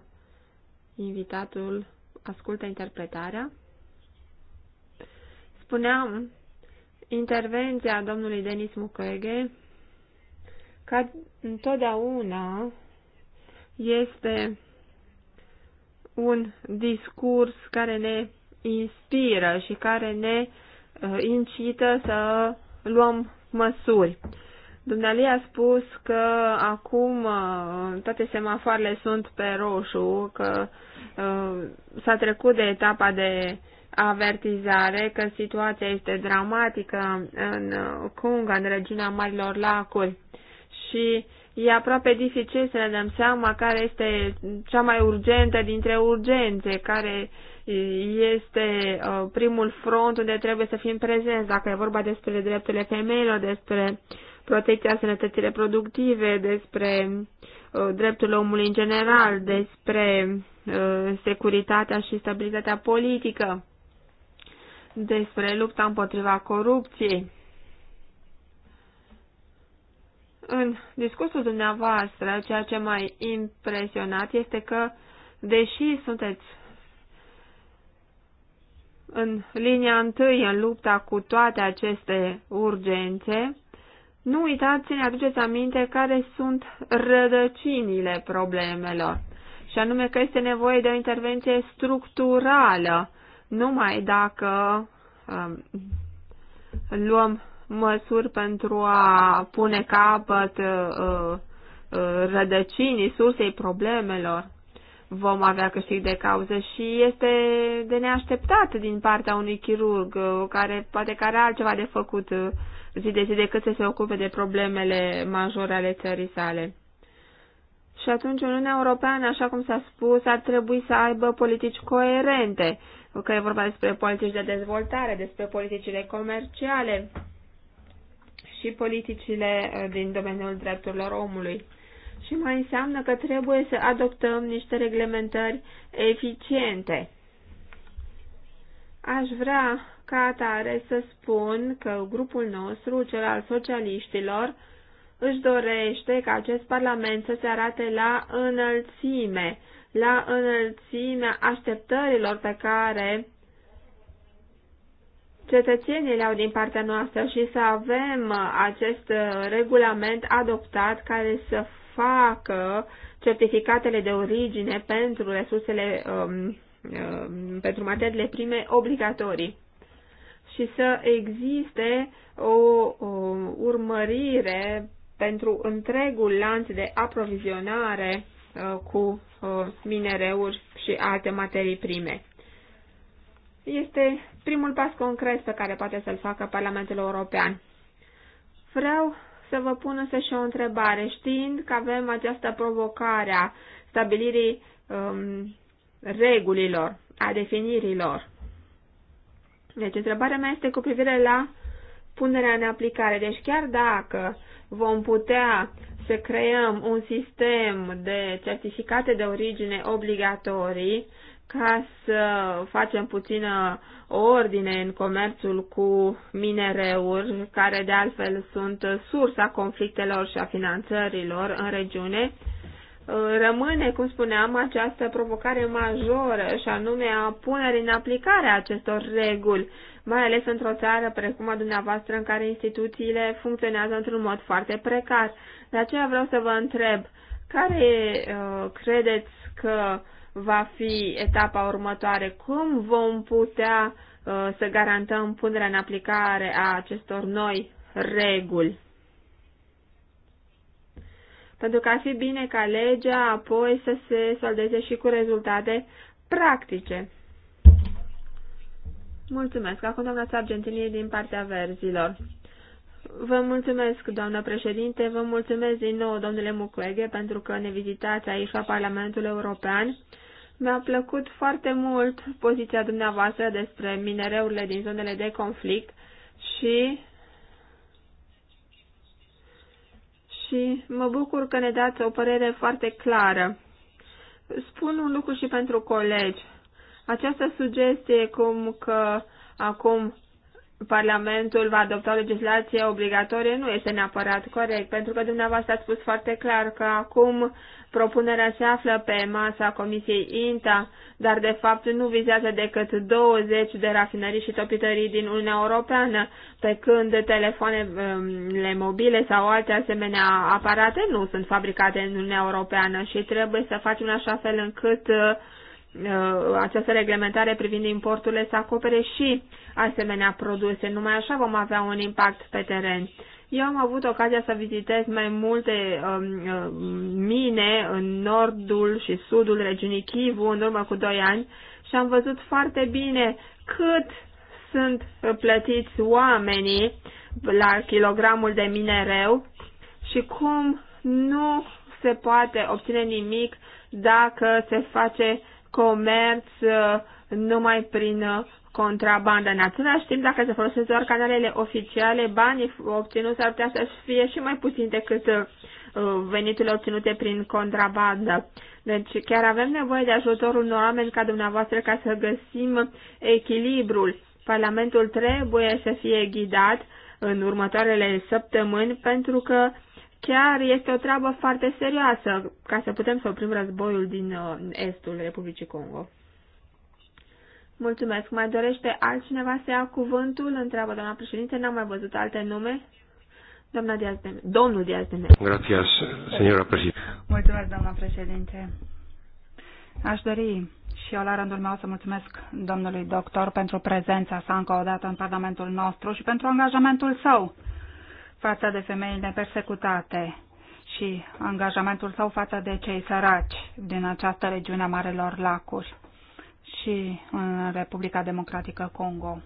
invitatul ascultă interpretarea. Spuneam, intervenția domnului Denis Mukwege ca întotdeauna este un discurs care ne inspiră și care ne uh, incită să luăm măsuri. Dumnealui a spus că acum uh, toate semafoarele sunt pe roșu, că uh, s-a trecut de etapa de avertizare, că situația este dramatică în uh, Conga, în regiunea Marilor Lacuri. Uh, și e aproape dificil să ne dăm seama care este cea mai urgentă dintre urgențe, care este uh, primul front unde trebuie să fim prezenți, dacă e vorba despre drepturile femeilor, despre protecția sănătății reproductive, despre uh, dreptul omului în general, despre uh, securitatea și stabilitatea politică, despre lupta împotriva corupției. În discursul dumneavoastră, ceea ce m-a impresionat este că, deși sunteți în linia întâi în lupta cu toate aceste urgențe, nu uitați să ne aduceți aminte care sunt rădăcinile problemelor, și anume că este nevoie de o intervenție structurală, numai dacă um, luăm măsuri pentru a pune capăt uh, uh, rădăcinii, sursei problemelor. Vom avea câștig de cauză și este de neașteptat din partea unui chirurg uh, care poate că are altceva de făcut uh, zi de zi decât să se ocupe de problemele majore ale țării sale. Și atunci Uniunea Europeană, așa cum s-a spus, ar trebui să aibă politici coerente, că e vorba despre politici de dezvoltare, despre politicile comerciale, și politicile uh, din domeniul drepturilor omului. Și mai înseamnă că trebuie să adoptăm niște reglementări eficiente. Aș vrea ca atare să spun că grupul nostru, cel al socialiștilor, își dorește ca acest Parlament să se arate la înălțime, la înălțimea așteptărilor pe care cetățenii le au din partea noastră și să avem acest uh, regulament adoptat care să facă certificatele de origine pentru resursele, um, um, pentru materiile prime obligatorii și să existe o, o urmărire pentru întregul lanț de aprovizionare uh, cu uh, minereuri și alte materii prime este primul pas concret pe care poate să-l facă Parlamentul European. Vreau să vă pun însă și o întrebare, știind că avem această provocare a stabilirii um, regulilor, a definirilor. Deci, întrebarea mea este cu privire la punerea în aplicare. Deci, chiar dacă vom putea să creăm un sistem de certificate de origine obligatorii, ca să facem puțină ordine în comerțul cu minereuri, care de altfel sunt sursa conflictelor și a finanțărilor în regiune, rămâne, cum spuneam, această provocare majoră și anume a punerii în aplicare a acestor reguli, mai ales într-o țară precum a dumneavoastră în care instituțiile funcționează într-un mod foarte precar. De aceea vreau să vă întreb, care uh, credeți că va fi etapa următoare? Cum vom putea uh, să garantăm punerea în aplicare a acestor noi reguli? Pentru că ar fi bine ca legea apoi să se soldeze și cu rezultate practice. Mulțumesc. Acum doamna Sargentinie din partea verzilor. Vă mulțumesc, doamnă președinte, vă mulțumesc din nou, domnule Mukwege, pentru că ne vizitați aici la Parlamentul European mi-a plăcut foarte mult poziția dumneavoastră despre minereurile din zonele de conflict și și mă bucur că ne dați o părere foarte clară. Spun un lucru și pentru colegi. Această sugestie cum că acum Parlamentul va adopta o legislație obligatorie nu este neapărat corect, pentru că dumneavoastră ați spus foarte clar că acum propunerea se află pe masa Comisiei INTA, dar de fapt nu vizează decât 20 de rafinării și topitării din Uniunea Europeană, pe când telefoanele mobile sau alte asemenea aparate nu sunt fabricate în Uniunea Europeană și trebuie să facem așa fel încât uh, Uh, această reglementare privind importurile să acopere și asemenea produse. Numai așa vom avea un impact pe teren. Eu am avut ocazia să vizitez mai multe um, uh, mine în nordul și sudul regiunii Kivu în urmă cu 2 ani și am văzut foarte bine cât sunt plătiți oamenii la kilogramul de minereu și cum nu se poate obține nimic dacă se face comerț uh, numai prin uh, contrabandă. În același timp, dacă se folosesc doar canalele oficiale, banii obținuți ar putea să fie și mai puțin decât uh, veniturile obținute prin contrabandă. Deci chiar avem nevoie de ajutorul unor oameni ca dumneavoastră ca să găsim echilibrul. Parlamentul trebuie să fie ghidat în următoarele săptămâni pentru că Chiar este o treabă foarte serioasă ca să putem să oprim războiul din uh, estul Republicii Congo. Mulțumesc. Mai dorește altcineva să ia cuvântul? Întreabă doamna președinte. N-am mai văzut alte nume. Doamna Diaz de Domnul Diaz de Gracias, señora președinte. Mulțumesc, doamna președinte. Aș dori și eu la rândul meu să mulțumesc domnului doctor pentru prezența sa încă o dată în Parlamentul nostru și pentru angajamentul său față de femeile persecutate și angajamentul său față de cei săraci din această regiune a Marelor Lacuri și în Republica Democratică Congo.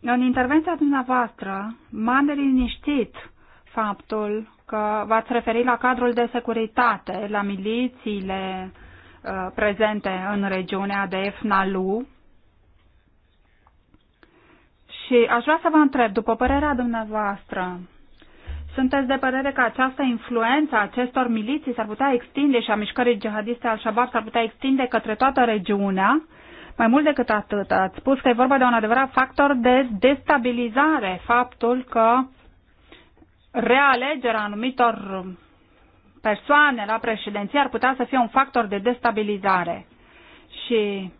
În intervenția dumneavoastră m-a neliniștit faptul că v-ați referit la cadrul de securitate, la milițiile uh, prezente în regiunea de FNALU și aș vrea să vă întreb, după părerea dumneavoastră, sunteți de părere că această influență a acestor miliții s-ar putea extinde și a mișcării jihadiste al Shabab s-ar putea extinde către toată regiunea? Mai mult decât atât, ați spus că e vorba de un adevărat factor de destabilizare, faptul că realegerea anumitor persoane la președinție ar putea să fie un factor de destabilizare. Și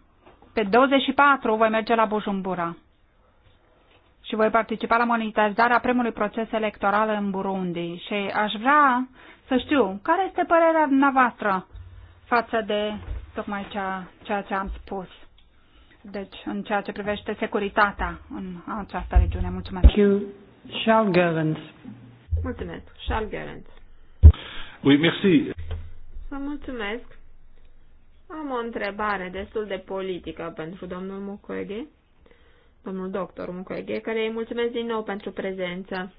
pe 24 voi merge la Bujumbura și voi participa la monitorizarea primului proces electoral în Burundi și aș vrea să știu care este părerea dumneavoastră față de tocmai cea, ceea ce am spus. Deci, în ceea ce privește securitatea în această regiune. Mulțumesc. Thank you. Charles Gerens. Mulțumesc. Charles Gerens. Oui, merci. Vă mulțumesc. Am o întrebare destul de politică pentru domnul Mukwege domnul doctor Mukwege, care îi mulțumesc din nou pentru prezență.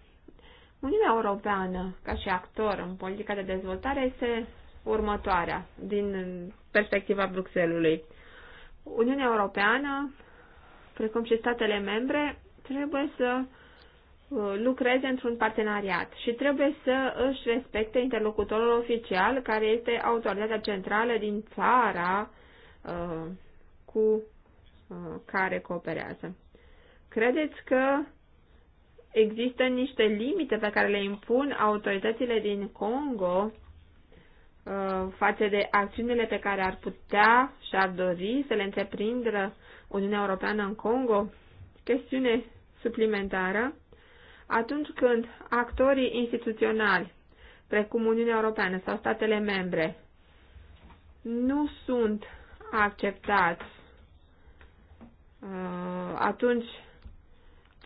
Uniunea Europeană, ca și actor în politica de dezvoltare, este următoarea, din perspectiva Bruxelului. Uniunea Europeană, precum și statele membre, trebuie să uh, lucreze într-un parteneriat și trebuie să își respecte interlocutorul oficial, care este autoritatea centrală din țara uh, cu uh, care cooperează. Credeți că există niște limite pe care le impun autoritățile din Congo uh, față de acțiunile pe care ar putea și ar dori să le întreprindă Uniunea Europeană în Congo? Chestiune suplimentară. Atunci când actorii instituționali, precum Uniunea Europeană sau statele membre, nu sunt acceptați, uh, atunci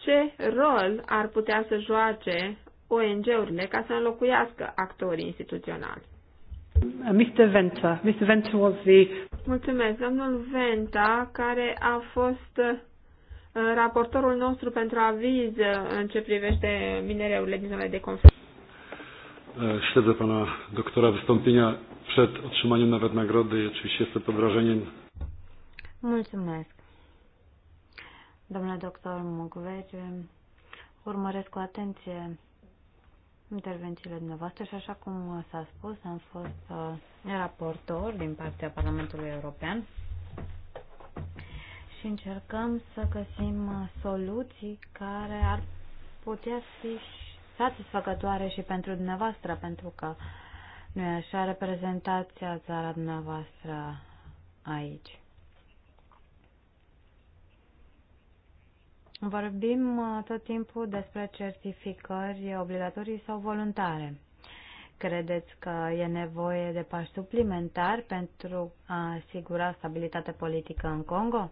ce rol ar putea să joace ONG-urile ca să înlocuiască actorii instituționali. Mr. Venta. Mr. Venta was the... Mulțumesc, domnul Venta, care a fost uh, raportorul nostru pentru aviz uh, în ce privește minereurile din zonele de conflict. Śledzę pana doktora wystąpienia przed otrzymaniem nawet nagrody i oczywiście jestem pod wrażeniem. Mulțumesc. Domnule doctor Mukwege, urmăresc cu atenție intervențiile dumneavoastră și așa cum s-a spus, am fost uh, raportor din partea Parlamentului European și încercăm să găsim uh, soluții care ar putea fi satisfăcătoare și pentru dumneavoastră, pentru că nu e așa, reprezentația țara dumneavoastră aici. Vorbim uh, tot timpul despre certificări obligatorii sau voluntare. Credeți că e nevoie de pași suplimentari pentru a asigura stabilitate politică în Congo?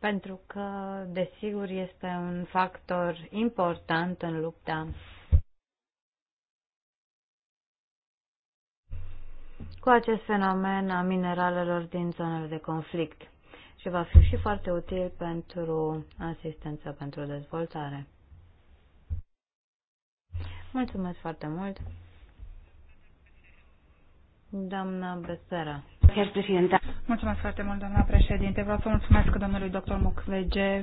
Pentru că, desigur, este un factor important în lupta cu acest fenomen a mineralelor din zonele de conflict și va fi și foarte util pentru asistență pentru dezvoltare. Mulțumesc foarte mult! Doamna Besera gracias, presidenta. Mulțumesc foarte mult, doamna președinte. Vreau să mulțumesc domnului dr. Mukwege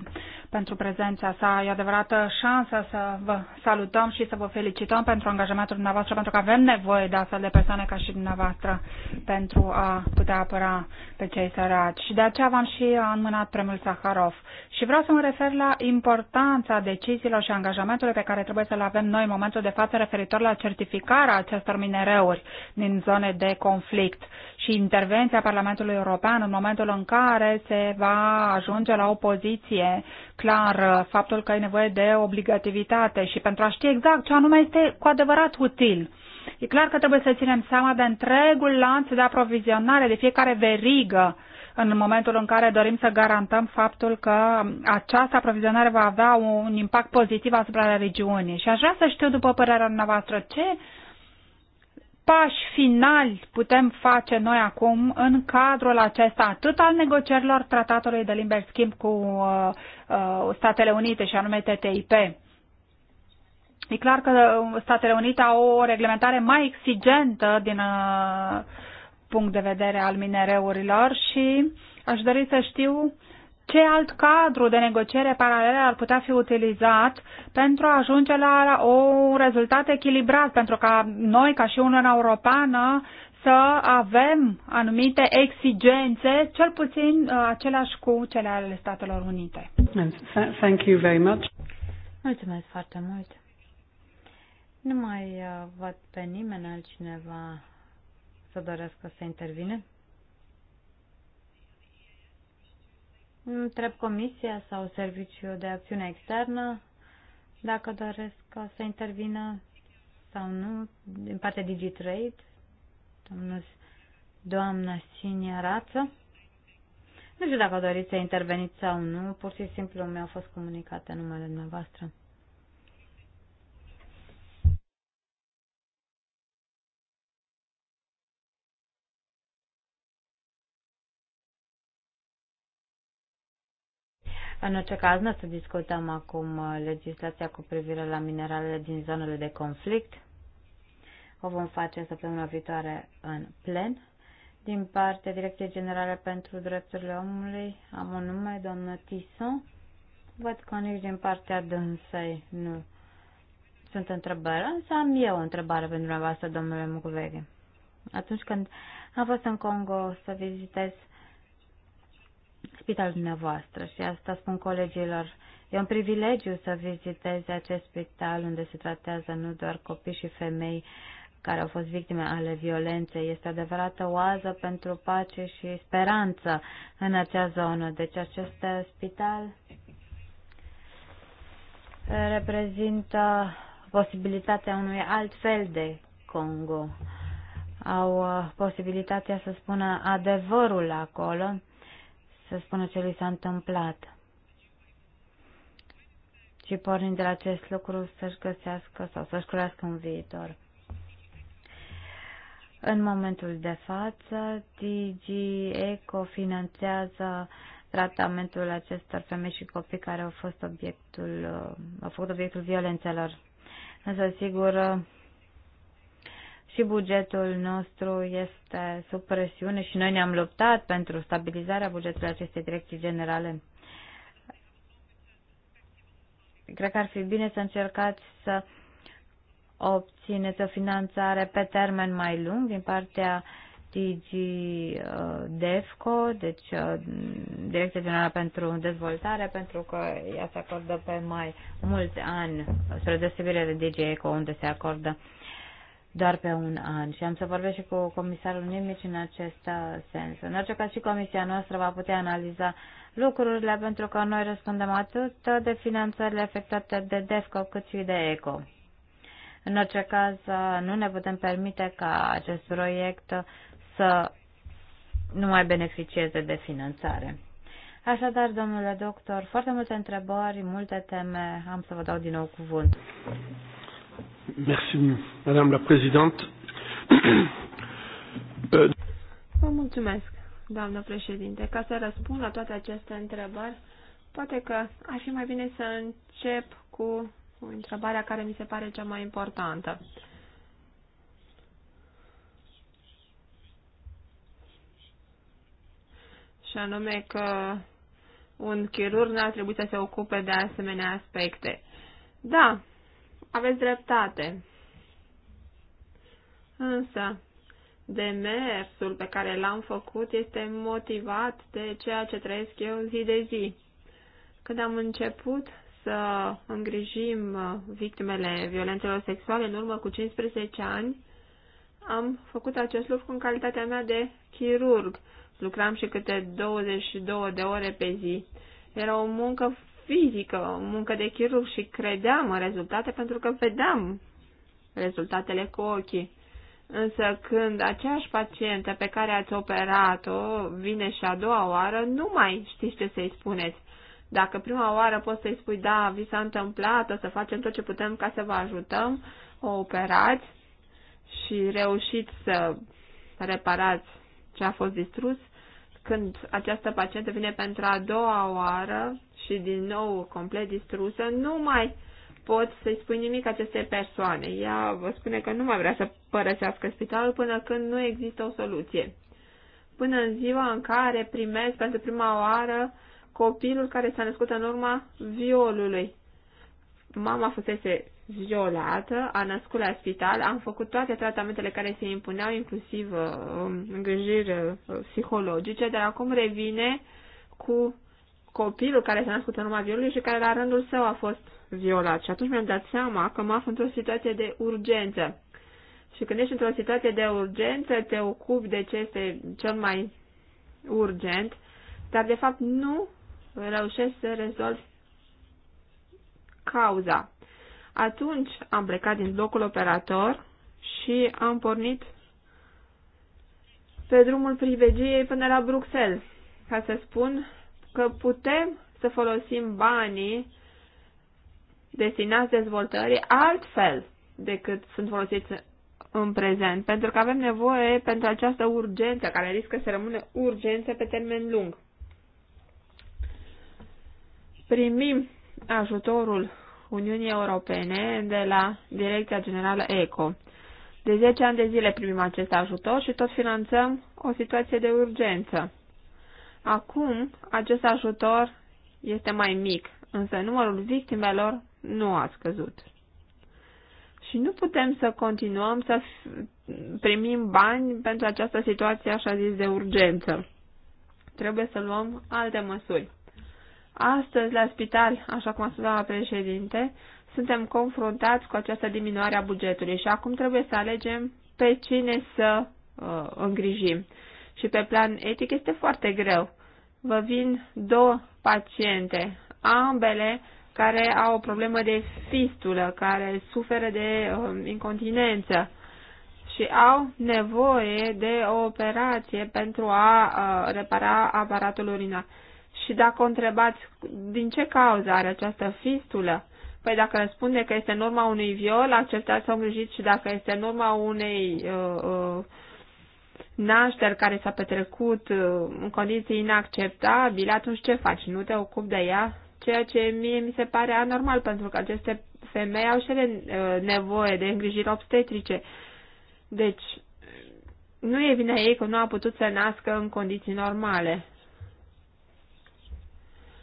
pentru prezența sa. E adevărată șansa să vă salutăm și să vă felicităm pentru angajamentul dumneavoastră, pentru că avem nevoie de astfel de persoane ca și dumneavoastră pentru a putea apăra pe cei săraci. Și de aceea v-am și înmânat premiul Saharov. Și vreau să mă refer la importanța deciziilor și angajamentului pe care trebuie să le avem noi în momentul de față referitor la certificarea acestor minereuri din zone de conflict și intervenții intervenția Parlamentului European în momentul în care se va ajunge la o poziție clară, faptul că e nevoie de obligativitate și pentru a ști exact ce anume este cu adevărat util. E clar că trebuie să ținem seama de întregul lanț de aprovizionare, de fiecare verigă în momentul în care dorim să garantăm faptul că această aprovizionare va avea un impact pozitiv asupra regiunii. Și aș vrea să știu, după părerea noastră, ce pași finali putem face noi acum în cadrul acesta atât al negocierilor tratatului de liber schimb cu uh, uh, Statele Unite și anume TTIP. E clar că Statele Unite au o reglementare mai exigentă din uh, punct de vedere al minereurilor și aș dori să știu ce alt cadru de negociere paralel ar putea fi utilizat pentru a ajunge la un rezultat echilibrat, pentru ca noi, ca și Uniunea Europeană, să avem anumite exigențe, cel puțin uh, aceleași cu cele ale Statelor Unite. Thank you very much. Mulțumesc foarte mult. Nu mai uh, văd pe nimeni altcineva să dorească să intervine. Întreb Comisia sau Serviciul de Acțiune Externă dacă doresc să intervină sau nu din partea DigiTrade, doamna, doamna Sinia Rață. Nu știu dacă doriți să interveniți sau nu, pur și simplu mi-au fost comunicate numele dumneavoastră. În orice caz, noi să discutăm acum uh, legislația cu privire la mineralele din zonele de conflict. O vom face săptămâna viitoare în plen. Din partea Direcției Generale pentru Drepturile Omului am un nume, doamnă Tison. Văd că nici din partea dânsei nu sunt întrebări, însă am eu o întrebare pentru dumneavoastră, domnule Mucveghe. Atunci când am fost în Congo să vizitez spitalul dumneavoastră și asta spun colegilor. E un privilegiu să vizitezi acest spital unde se tratează nu doar copii și femei care au fost victime ale violenței. Este adevărată oază pentru pace și speranță în acea zonă. Deci acest spital reprezintă posibilitatea unui alt fel de Congo. Au uh, posibilitatea să spună adevărul acolo să spună ce li s-a întâmplat. Și pornind de la acest lucru să-și găsească sau să-și crească un viitor. În momentul de față, DG Eco finanțează tratamentul acestor femei și copii care au fost obiectul, au făcut obiectul violențelor. Însă, sigur, și bugetul nostru este sub presiune și noi ne-am luptat pentru stabilizarea bugetului acestei direcții generale. Cred că ar fi bine să încercați să obțineți o finanțare pe termen mai lung din partea DG uh, DEFCO, deci uh, Direcția Generală pentru Dezvoltare, pentru că ea se acordă pe mai mulți ani, spre deosebire de DG ECO, unde se acordă uh, doar pe un an. Și am să vorbesc și cu comisarul Nimic în acest uh, sens. În orice caz și comisia noastră va putea analiza lucrurile pentru că noi răspundem atât de finanțările efectuate de DEFCO cât și de ECO. În orice caz, uh, nu ne putem permite ca acest proiect să nu mai beneficieze de finanțare. Așadar, domnule doctor, foarte multe întrebări, multe teme, am să vă dau din nou cuvânt. Merci, Madame la Présidente. Euh, Vă mulțumesc, doamnă președinte. Ca să răspund la toate aceste întrebări, poate că ar fi mai bine să încep cu întrebarea care mi se pare cea mai importantă. Și anume că un chirurg nu ar trebui să se ocupe de asemenea aspecte. Da, aveți dreptate. Însă, demersul pe care l-am făcut este motivat de ceea ce trăiesc eu zi de zi. Când am început să îngrijim uh, victimele violențelor sexuale în urmă cu 15 ani, am făcut acest lucru în calitatea mea de chirurg. Lucram și câte 22 de ore pe zi. Era o muncă fizică, muncă de chirurg și credeam în rezultate pentru că vedeam rezultatele cu ochii. Însă când aceeași pacientă pe care ați operat-o vine și a doua oară, nu mai știți ce să-i spuneți. Dacă prima oară poți să-i spui, da, vi s-a întâmplat, o să facem tot ce putem ca să vă ajutăm, o operați și reușiți să reparați ce a fost distrus, când această pacientă vine pentru a doua oară, și din nou complet distrusă, nu mai pot să-i spui nimic acestei persoane. Ea vă spune că nu mai vrea să părăsească spitalul până când nu există o soluție. Până în ziua în care primesc pentru prima oară copilul care s-a născut în urma violului. Mama fusese violată, a născut la spital, am făcut toate tratamentele care se impuneau, inclusiv uh, îngrijiri uh, psihologice, dar acum revine cu copilul care s-a născut în urma violului și care la rândul său a fost violat. Și atunci mi-am dat seama că mă aflu într-o situație de urgență. Și când ești într-o situație de urgență, te ocupi de ce este cel mai urgent, dar de fapt nu reușești să rezolvi cauza. Atunci am plecat din locul operator și am pornit pe drumul privegiei până la Bruxelles, ca să spun că putem să folosim banii destinați dezvoltării altfel decât sunt folosiți în prezent, pentru că avem nevoie pentru această urgență, care riscă să rămână urgență pe termen lung. Primim ajutorul Uniunii Europene de la Direcția Generală ECO. De 10 ani de zile primim acest ajutor și tot finanțăm o situație de urgență. Acum, acest ajutor este mai mic, însă numărul victimelor nu a scăzut. Și nu putem să continuăm să primim bani pentru această situație așa zis de urgență. Trebuie să luăm alte măsuri. Astăzi, la spital, așa cum a spus la președinte, suntem confruntați cu această diminuare a bugetului și acum trebuie să alegem pe cine să uh, îngrijim și pe plan etic este foarte greu. Vă vin două paciente, ambele care au o problemă de fistulă, care suferă de uh, incontinență și au nevoie de o operație pentru a uh, repara aparatul urinar. Și dacă o întrebați din ce cauză are această fistulă, păi dacă răspunde că este în urma unui viol, acceptați să îngrijiți și dacă este în urma unei uh, uh, nașteri care s-a petrecut uh, în condiții inacceptabile, atunci ce faci? Nu te ocupi de ea? Ceea ce mie mi se pare anormal, pentru că aceste femei au și ele uh, nevoie de îngrijiri obstetrice. Deci, nu e vina ei că nu a putut să nască în condiții normale.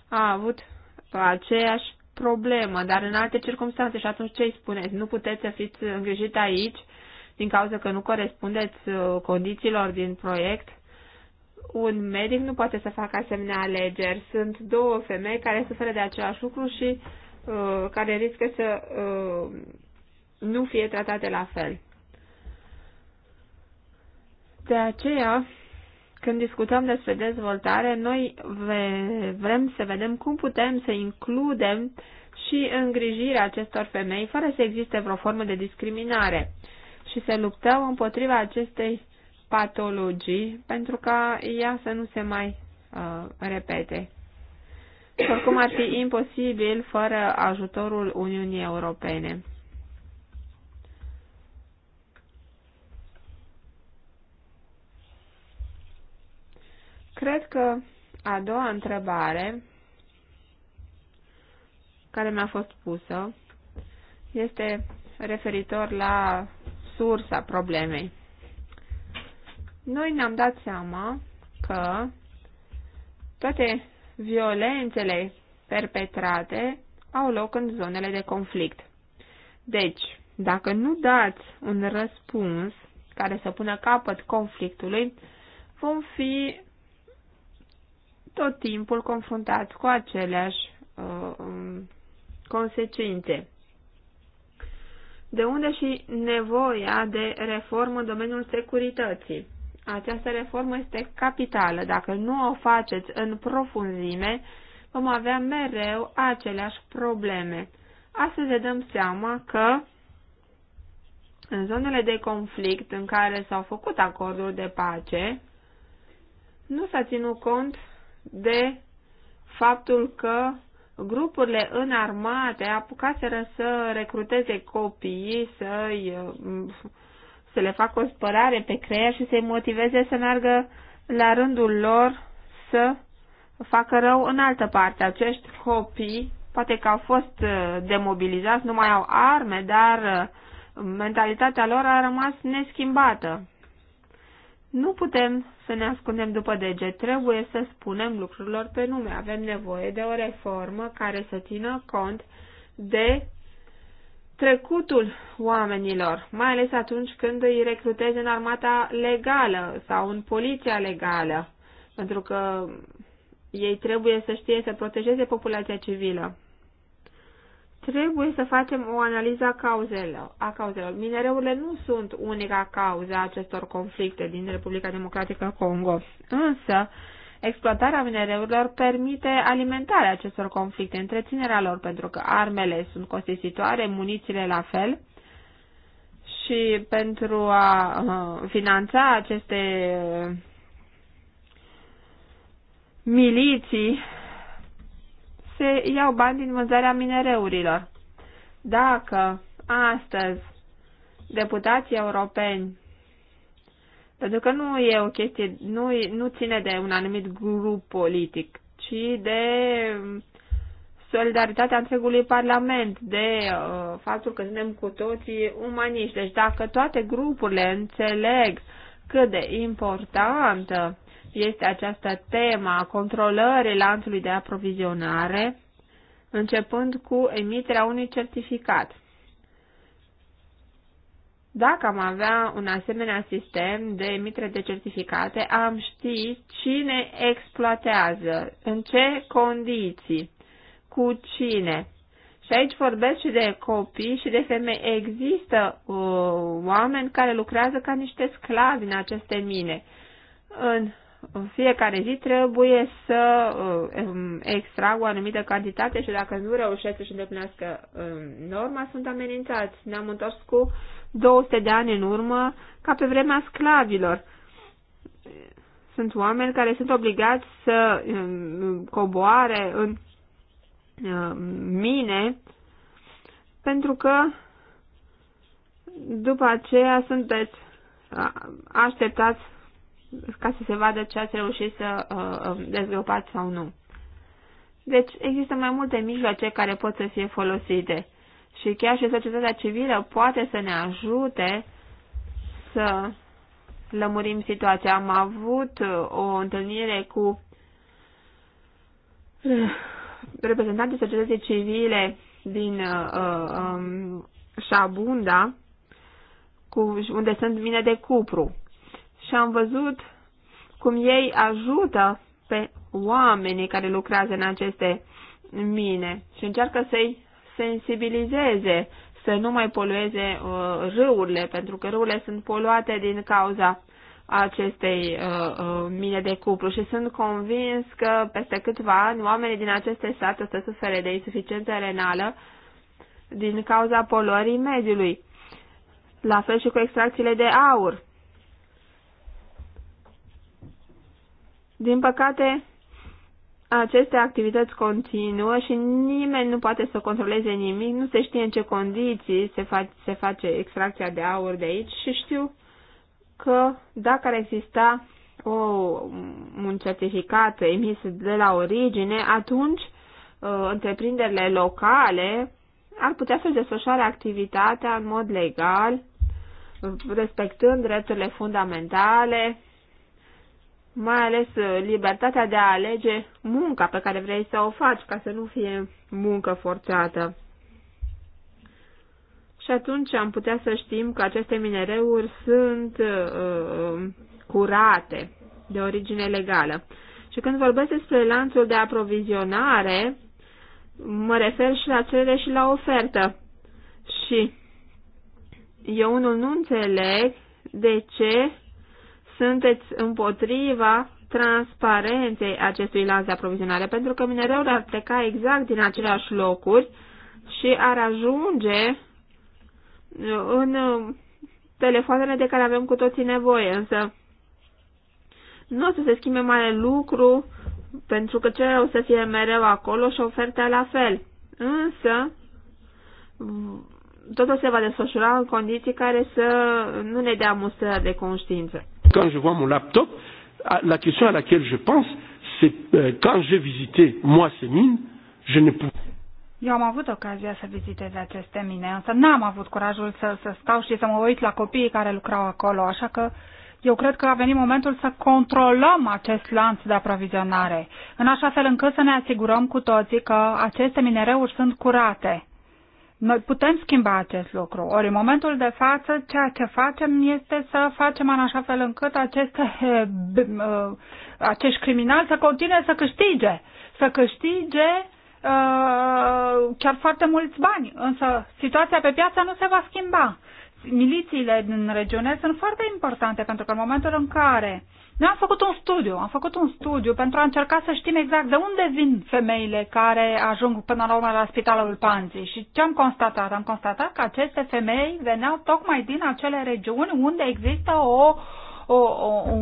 A avut aceeași problemă, dar în alte circunstanțe și atunci ce îi spuneți? Nu puteți să fiți îngrijit aici? din cauza că nu corespundeți uh, condițiilor din proiect, un medic nu poate să facă asemenea alegeri. Sunt două femei care suferă de același lucru și uh, care riscă să uh, nu fie tratate la fel. De aceea, când discutăm despre dezvoltare, noi vrem să vedem cum putem să includem și îngrijirea acestor femei fără să existe vreo formă de discriminare și se luptau împotriva acestei patologii pentru ca ea să nu se mai uh, repete. Oricum ar fi imposibil fără ajutorul Uniunii Europene. Cred că a doua întrebare care mi-a fost pusă este referitor la sursa problemei. Noi ne-am dat seama că toate violențele perpetrate au loc în zonele de conflict. Deci, dacă nu dați un răspuns care să pună capăt conflictului, vom fi tot timpul confruntați cu aceleași uh, um, consecințe. De unde și nevoia de reformă în domeniul securității. Această reformă este capitală. Dacă nu o faceți în profunzime, vom avea mereu aceleași probleme. Astăzi ne dăm seama că în zonele de conflict în care s-au făcut acorduri de pace, nu s-a ținut cont de faptul că grupurile înarmate apucaseră să recruteze copiii, să să le facă o spărare pe creier și să-i motiveze să meargă la rândul lor să facă rău în altă parte. Acești copii, poate că au fost uh, demobilizați, nu mai au arme, dar uh, mentalitatea lor a rămas neschimbată. Nu putem să ne ascundem după dege, trebuie să spunem lucrurilor pe nume. Avem nevoie de o reformă care să țină cont de trecutul oamenilor, mai ales atunci când îi recrutezi în armata legală sau în poliția legală, pentru că ei trebuie să știe să protejeze populația civilă. Trebuie să facem o analiză a cauzelor. A cauzelor. Minereurile nu sunt unica cauza acestor conflicte din Republica Democratică Congo, însă exploatarea minereurilor permite alimentarea acestor conflicte, întreținerea lor, pentru că armele sunt costisitoare, munițiile la fel, și pentru a uh, finanța aceste uh, miliții se iau bani din vânzarea minereurilor. Dacă astăzi deputații europeni, pentru că nu e o chestie, nu, nu ține de un anumit grup politic, ci de solidaritatea întregului Parlament, de uh, faptul că suntem cu toții umaniști. Deci dacă toate grupurile înțeleg cât de importantă este această tema a controlării lanțului de aprovizionare, începând cu emiterea unui certificat. Dacă am avea un asemenea sistem de emitere de certificate, am ști cine exploatează, în ce condiții, cu cine. Și aici vorbesc și de copii și de femei. Există uh, oameni care lucrează ca niște sclavi în aceste mine. În în fiecare zi trebuie să uh, um, extrag o anumită cantitate și dacă nu reușesc să-și îndeplinească um, norma, sunt amenințați. Ne-am întors cu 200 de ani în urmă, ca pe vremea sclavilor. Sunt oameni care sunt obligați să um, coboare în mine pentru că după aceea sunteți uh, așteptați ca să se vadă ce ați reușit să uh, um, dezgropați sau nu. Deci există mai multe mijloace care pot să fie folosite și chiar și societatea civilă poate să ne ajute să lămurim situația. Am avut uh, o întâlnire cu uh, reprezentanții societății civile din uh, uh um, Șabunda, cu, unde sunt mine de cupru și am văzut cum ei ajută pe oamenii care lucrează în aceste mine și încearcă să-i sensibilizeze să nu mai polueze uh, râurile, pentru că râurile sunt poluate din cauza acestei uh, uh, mine de cupru și sunt convins că peste câțiva ani oamenii din aceste sate o să sufere de insuficiență renală din cauza poluării mediului. La fel și cu extracțiile de aur. Din păcate, aceste activități continuă și nimeni nu poate să controleze nimic, nu se știe în ce condiții se, fa- se face extracția de aur de aici și știu că dacă ar exista o, un certificat emis de la origine, atunci uh, întreprinderile locale ar putea să desfășoare activitatea în mod legal, respectând drepturile fundamentale, mai ales uh, libertatea de a alege munca pe care vrei să o faci, ca să nu fie muncă forțată. Și atunci am putea să știm că aceste minereuri sunt uh, uh curate, de origine legală. Și când vorbesc despre lanțul de aprovizionare, mă refer și la cerere și la ofertă. Și eu unul nu înțeleg de ce sunteți împotriva transparenței acestui lanț de aprovizionare, pentru că minereul ar pleca exact din aceleași locuri și ar ajunge uh, în uh, telefoanele de care avem cu toții nevoie, însă nu o să se schimbe mare lucru pentru că cele o să fie mereu acolo și oferta la fel. Însă, totul se va desfășura în condiții care să nu ne dea mustră de conștiință. Quand je vois mon laptop, ah, la question à laquelle je pense, c'est euh, quand j'ai visité moi ces mines, je ne pouvais eu am avut ocazia să vizitez aceste mine, însă n-am avut curajul să, să stau și să mă uit la copiii care lucrau acolo, așa că eu cred că a venit momentul să controlăm acest lanț de aprovizionare, în așa fel încât să ne asigurăm cu toții că aceste minereuri sunt curate. Noi putem schimba acest lucru. Ori în momentul de față, ceea ce facem este să facem în așa fel încât aceste, *laughs* uh, acești criminali să continue să câștige. Să câștige uh, chiar foarte mulți bani. Însă situația pe piață nu se va schimba. Milițiile din regiune sunt foarte importante pentru că în momentul în care uh, noi am făcut un studiu, am făcut un studiu pentru a încerca să știm exact de unde vin femeile care ajung până la urmă la spitalul Panzi. Și ce am constatat? Am constatat că aceste femei veneau tocmai din acele regiuni unde există o, o, o, o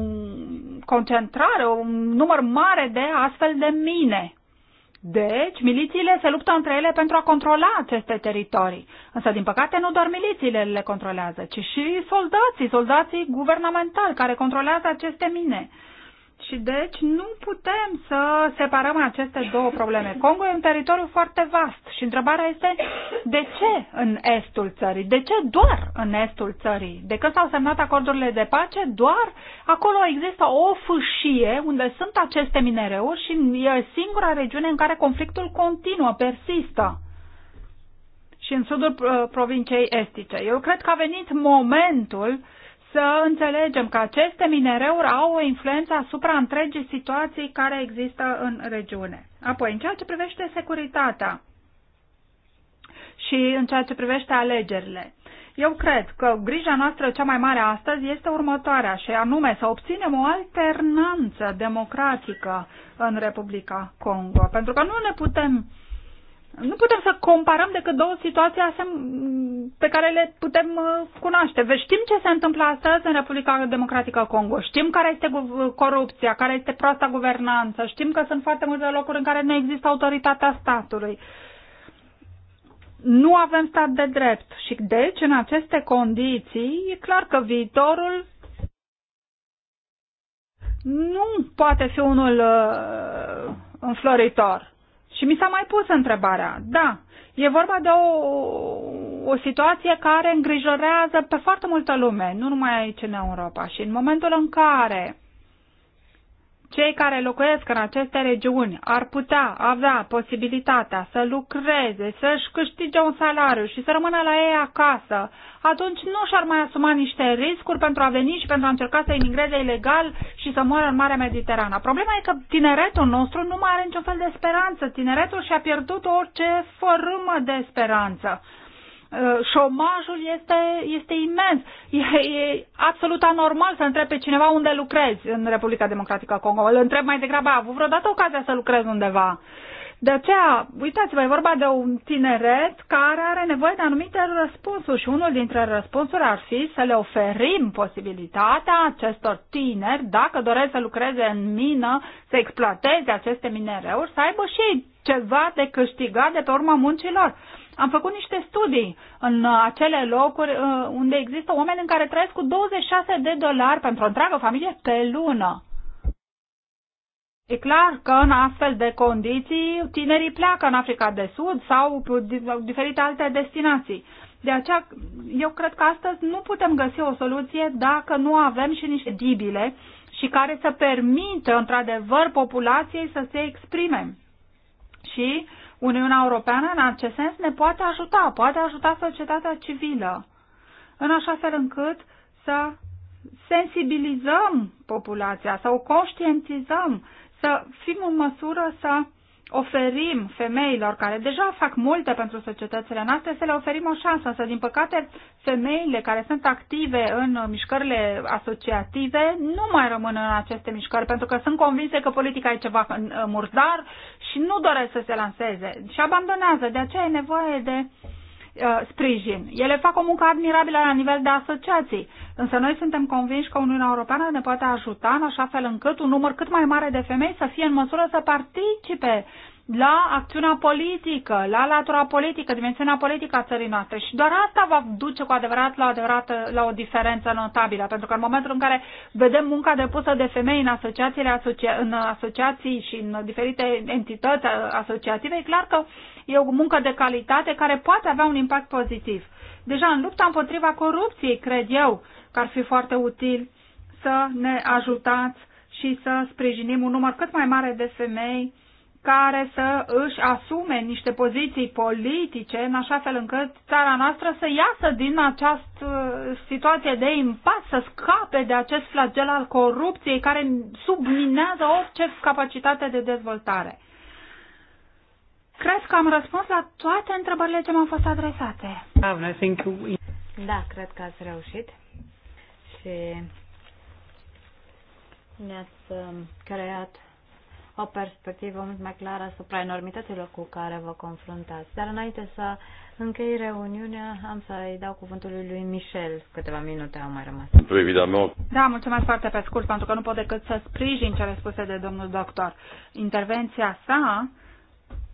concentrare, un număr mare de astfel de mine. Deci, milițiile se luptă între ele pentru a controla aceste teritorii. Însă, din păcate, nu doar milițiile le controlează, ci și soldații, soldații guvernamentali care controlează aceste mine. Și deci nu putem să separăm aceste două probleme. Congo e un teritoriu foarte vast și întrebarea este de ce în estul țării? De ce doar în estul țării? De când s-au semnat acordurile de pace, doar acolo există o fâșie unde sunt aceste minereuri și e singura regiune în care conflictul continuă, persistă și în sudul uh, provinciei estice. Eu cred că a venit momentul uh, să înțelegem că aceste minereuri au o influență asupra întregii situații care există în regiune. Apoi, în ceea ce privește securitatea și în ceea ce privește alegerile, eu cred că grija noastră cea mai mare astăzi este următoarea și anume să obținem o alternanță democratică în Republica Congo, pentru că nu ne putem uh, nu putem să comparăm decât două situații pe care le putem uh, cunoaște. Vezi, știm ce se întâmplă astăzi în Republica Democratică Congo, știm care este corupția, care este proasta guvernanță, știm că sunt foarte multe locuri în care nu există autoritatea statului. Nu avem stat de drept și deci în aceste condiții e clar că viitorul nu poate fi unul uh, înfloritor. Și mi s-a mai pus întrebarea. Da, e vorba de o, o situație care îngrijorează pe foarte multă lume, nu numai aici în Europa. Și în momentul în care cei care locuiesc în aceste regiuni ar putea avea posibilitatea să lucreze, să-și câștige un salariu și să rămână la ei acasă, atunci nu și-ar mai asuma niște riscuri pentru a veni și pentru a încerca să emigreze ilegal și să moară în Marea Mediterană. Problema e că tineretul nostru nu mai are niciun fel de speranță. Tineretul și-a pierdut orice formă de speranță. Uh, șomajul este, este imens. E, e absolut anormal să întrebe pe cineva unde lucrezi în Republica Democratică Congo. Îl întreb mai degrabă, a avut vreodată ocazia să lucrezi undeva? De aceea, uitați-vă, e vorba de un tineret care are nevoie de anumite răspunsuri și unul dintre răspunsuri ar fi să le oferim posibilitatea acestor tineri, dacă doresc să lucreze în mină, să exploateze aceste minereuri, să aibă și ceva de câștigat de pe urma muncilor. Am făcut niște studii în uh, acele locuri uh, unde există oameni în care trăiesc cu 26 de dolari pentru o întreagă familie pe lună. E clar că în astfel de condiții tinerii pleacă în Africa de Sud sau pe diferite alte destinații. De aceea, eu cred că astăzi nu putem găsi o soluție dacă nu avem și niște dibile și care să permită, într-adevăr, populației să se exprime. Și Uniunea Europeană, în acest sens, ne poate ajuta, poate ajuta societatea civilă, în așa fel încât să sensibilizăm populația, să o conștientizăm, să fim în măsură să oferim femeilor care deja fac multe pentru societățile noastre, să le oferim o șansă. Însă, din păcate, femeile care sunt active în mișcările asociative nu mai rămân în aceste mișcări, pentru că sunt convinse că politica e ceva murdar și nu doresc să se lanseze și abandonează. De aceea e nevoie de Uh, sprijin. Ele fac o muncă admirabilă la nivel de asociații, însă noi suntem convinși că Uniunea Europeană ne poate ajuta în așa fel încât un număr cât mai mare de femei să fie în măsură să participe la acțiunea politică, la latura politică, dimensiunea politică a țării noastre. Și doar asta va duce cu adevărat la, adevărat la o diferență notabilă, pentru că în momentul în care vedem munca depusă de femei în asociațiile asocia- în asociații și în diferite entități asociative, e clar că e o muncă de calitate care poate avea un impact pozitiv. Deja în lupta împotriva corupției, cred eu, că ar fi foarte util să ne ajutați și să sprijinim un număr cât mai mare de femei care să își asume niște poziții politice în așa fel încât țara noastră să iasă din această situație de impas, să scape de acest flagel al corupției care subminează orice capacitate de dezvoltare. Cred că am răspuns la toate întrebările ce mi-au fost adresate. Da, cred că ați reușit și ne-ați um, creat o perspectivă mult mai clară asupra enormităților cu care vă confruntați. Dar înainte să închei reuniunea, am să-i dau cuvântul lui Michel. Câteva minute au mai rămas. Evident. Da, mulțumesc foarte pe scurt, pentru că nu pot decât să sprijin cele spuse de domnul doctor. Intervenția sa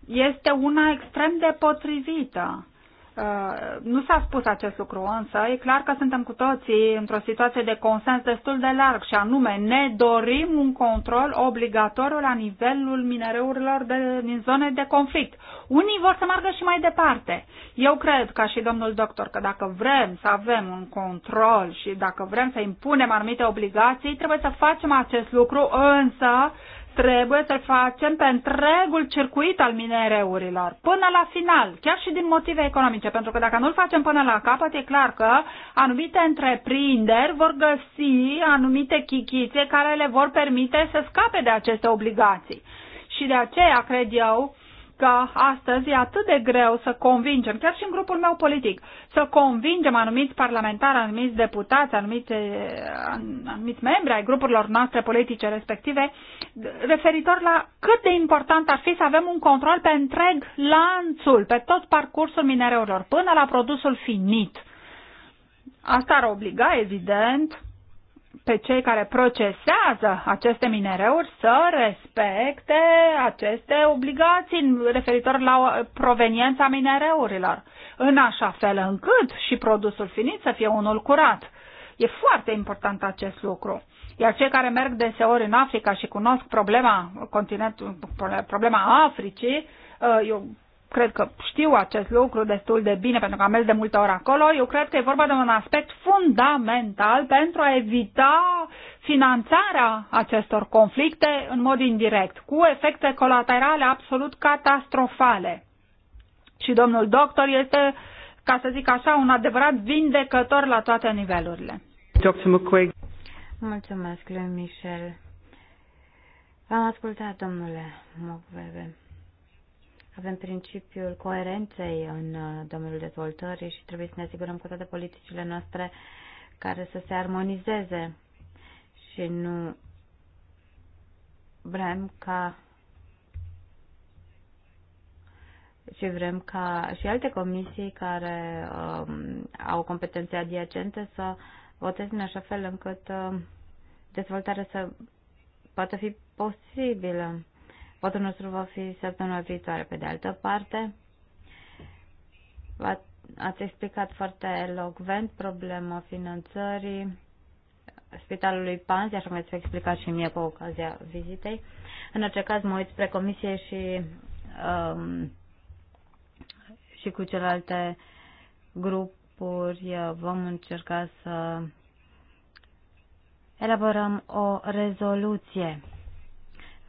este una extrem de potrivită Uh, nu s-a spus acest lucru, însă e clar că suntem cu toții într-o situație de consens destul de larg și anume ne dorim un control obligatoriu la nivelul minereurilor de, din zone de conflict. Unii vor să meargă și mai departe. Eu cred, ca și domnul doctor, că dacă vrem să avem un control și dacă vrem să impunem anumite obligații, trebuie să facem acest lucru, însă trebuie să-l facem pe întregul circuit al minereurilor, până la final, chiar și din motive economice, pentru că dacă nu-l facem până la capăt, e clar că anumite întreprinderi vor găsi anumite chichițe care le vor permite să scape de aceste obligații. Și de aceea, cred eu, că astăzi e atât de greu să convingem, chiar și în grupul meu politic, să convingem anumiți parlamentari, anumiți deputați, anumiți, anumiți membri ai grupurilor noastre politice respective, referitor la cât de important ar fi să avem un control pe întreg lanțul, pe tot parcursul minereurilor, până la produsul finit. Asta ar obliga, evident, pe cei care procesează aceste minereuri să respecte aceste obligații referitor la uh, proveniența minereurilor, în așa fel încât și produsul finit să fie unul curat. E foarte important acest lucru. Iar cei care merg deseori în Africa și cunosc problema, continentul, problema Africii, uh, eu cred că știu acest lucru destul de bine pentru că am mers de multe ori acolo, eu cred că e vorba de un aspect fundamental pentru a evita finanțarea acestor conflicte în mod indirect, cu efecte colaterale absolut catastrofale. Și domnul doctor este, ca să zic așa, un adevărat vindecător la toate nivelurile. Dr. McQuaig. Mulțumesc lui Michel. Am ascultat, domnule Mocveve. Avem principiul coerenței în uh, domeniul dezvoltării și trebuie să ne asigurăm că toate politicile noastre care să se armonizeze și nu vrem ca și vrem ca și alte comisii care um, au competențe adiacente să voteze în așa fel încât uh, dezvoltarea să poată fi posibilă. Votul nostru va fi săptămâna viitoare. Pe de altă parte, ați explicat foarte elocvent problema finanțării Spitalului Panzi, așa cum ați explicat și mie pe ocazia vizitei. În orice caz, mă uit spre comisie și, um, și cu celelalte grupuri uh, vom încerca să elaborăm o rezoluție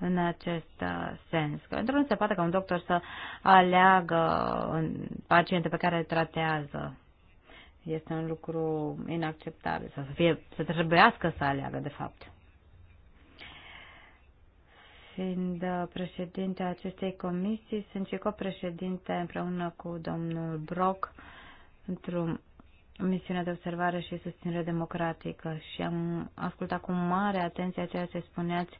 în acest uh, sens. Că într-un se poate ca un doctor să aleagă pacientul pe care îl tratează. Este un lucru inacceptabil să, fie, să trebuiască să aleagă, de fapt. Fiind uh, președinte acestei comisii, sunt și copreședinte împreună cu domnul Brock într-un misiunea de observare și susținere democratică și am ascultat cu mare atenție ceea ce spuneați uh,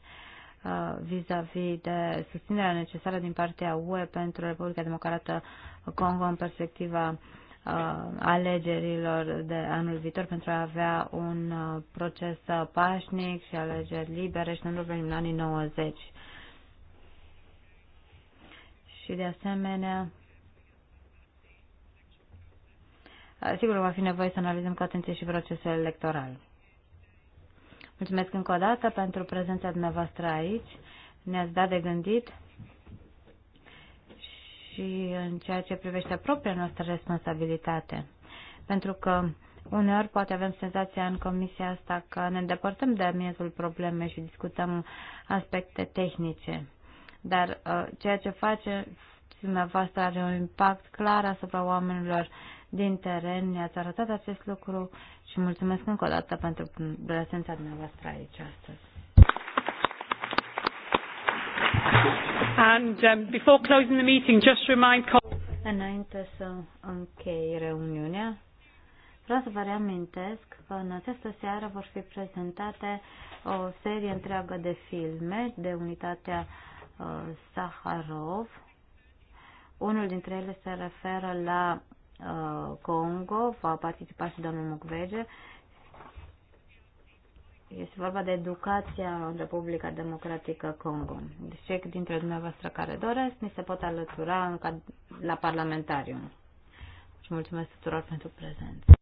Uh, vis-a-vis -vis de susținerea necesară din partea UE pentru Republica Democrată Congo în perspectiva uh, alegerilor de anul viitor pentru a avea un uh, proces pașnic și alegeri libere și nu în anii 90. Și de asemenea, sigur va fi nevoie să analizăm cu atenție și procesul electoral. Mulțumesc încă o dată pentru prezența dumneavoastră aici. Ne-ați dat de gândit și în ceea ce privește propria noastră responsabilitate. Pentru că uneori poate avem senzația în comisia asta că ne îndepărtăm de miezul problemei și discutăm aspecte tehnice. Dar uh, ceea ce face dumneavoastră are un impact clar asupra oamenilor din teren. Ne-ați arătat acest lucru și mulțumesc încă o dată pentru prezența dumneavoastră aici astăzi. And um, before closing the meeting, just remind Înainte să închei reuniunea, vreau să vă reamintesc că în această seară vor fi prezentate o serie întreagă de filme de unitatea uh, Saharov. Unul dintre ele se referă la Uh, Congo, va participa și domnul Mukwege. Este vorba de educația în Republica Democratică Congo. Deci cei dintre dumneavoastră care doresc, ni se pot alătura la parlamentarium. Și mulțumesc tuturor pentru prezență.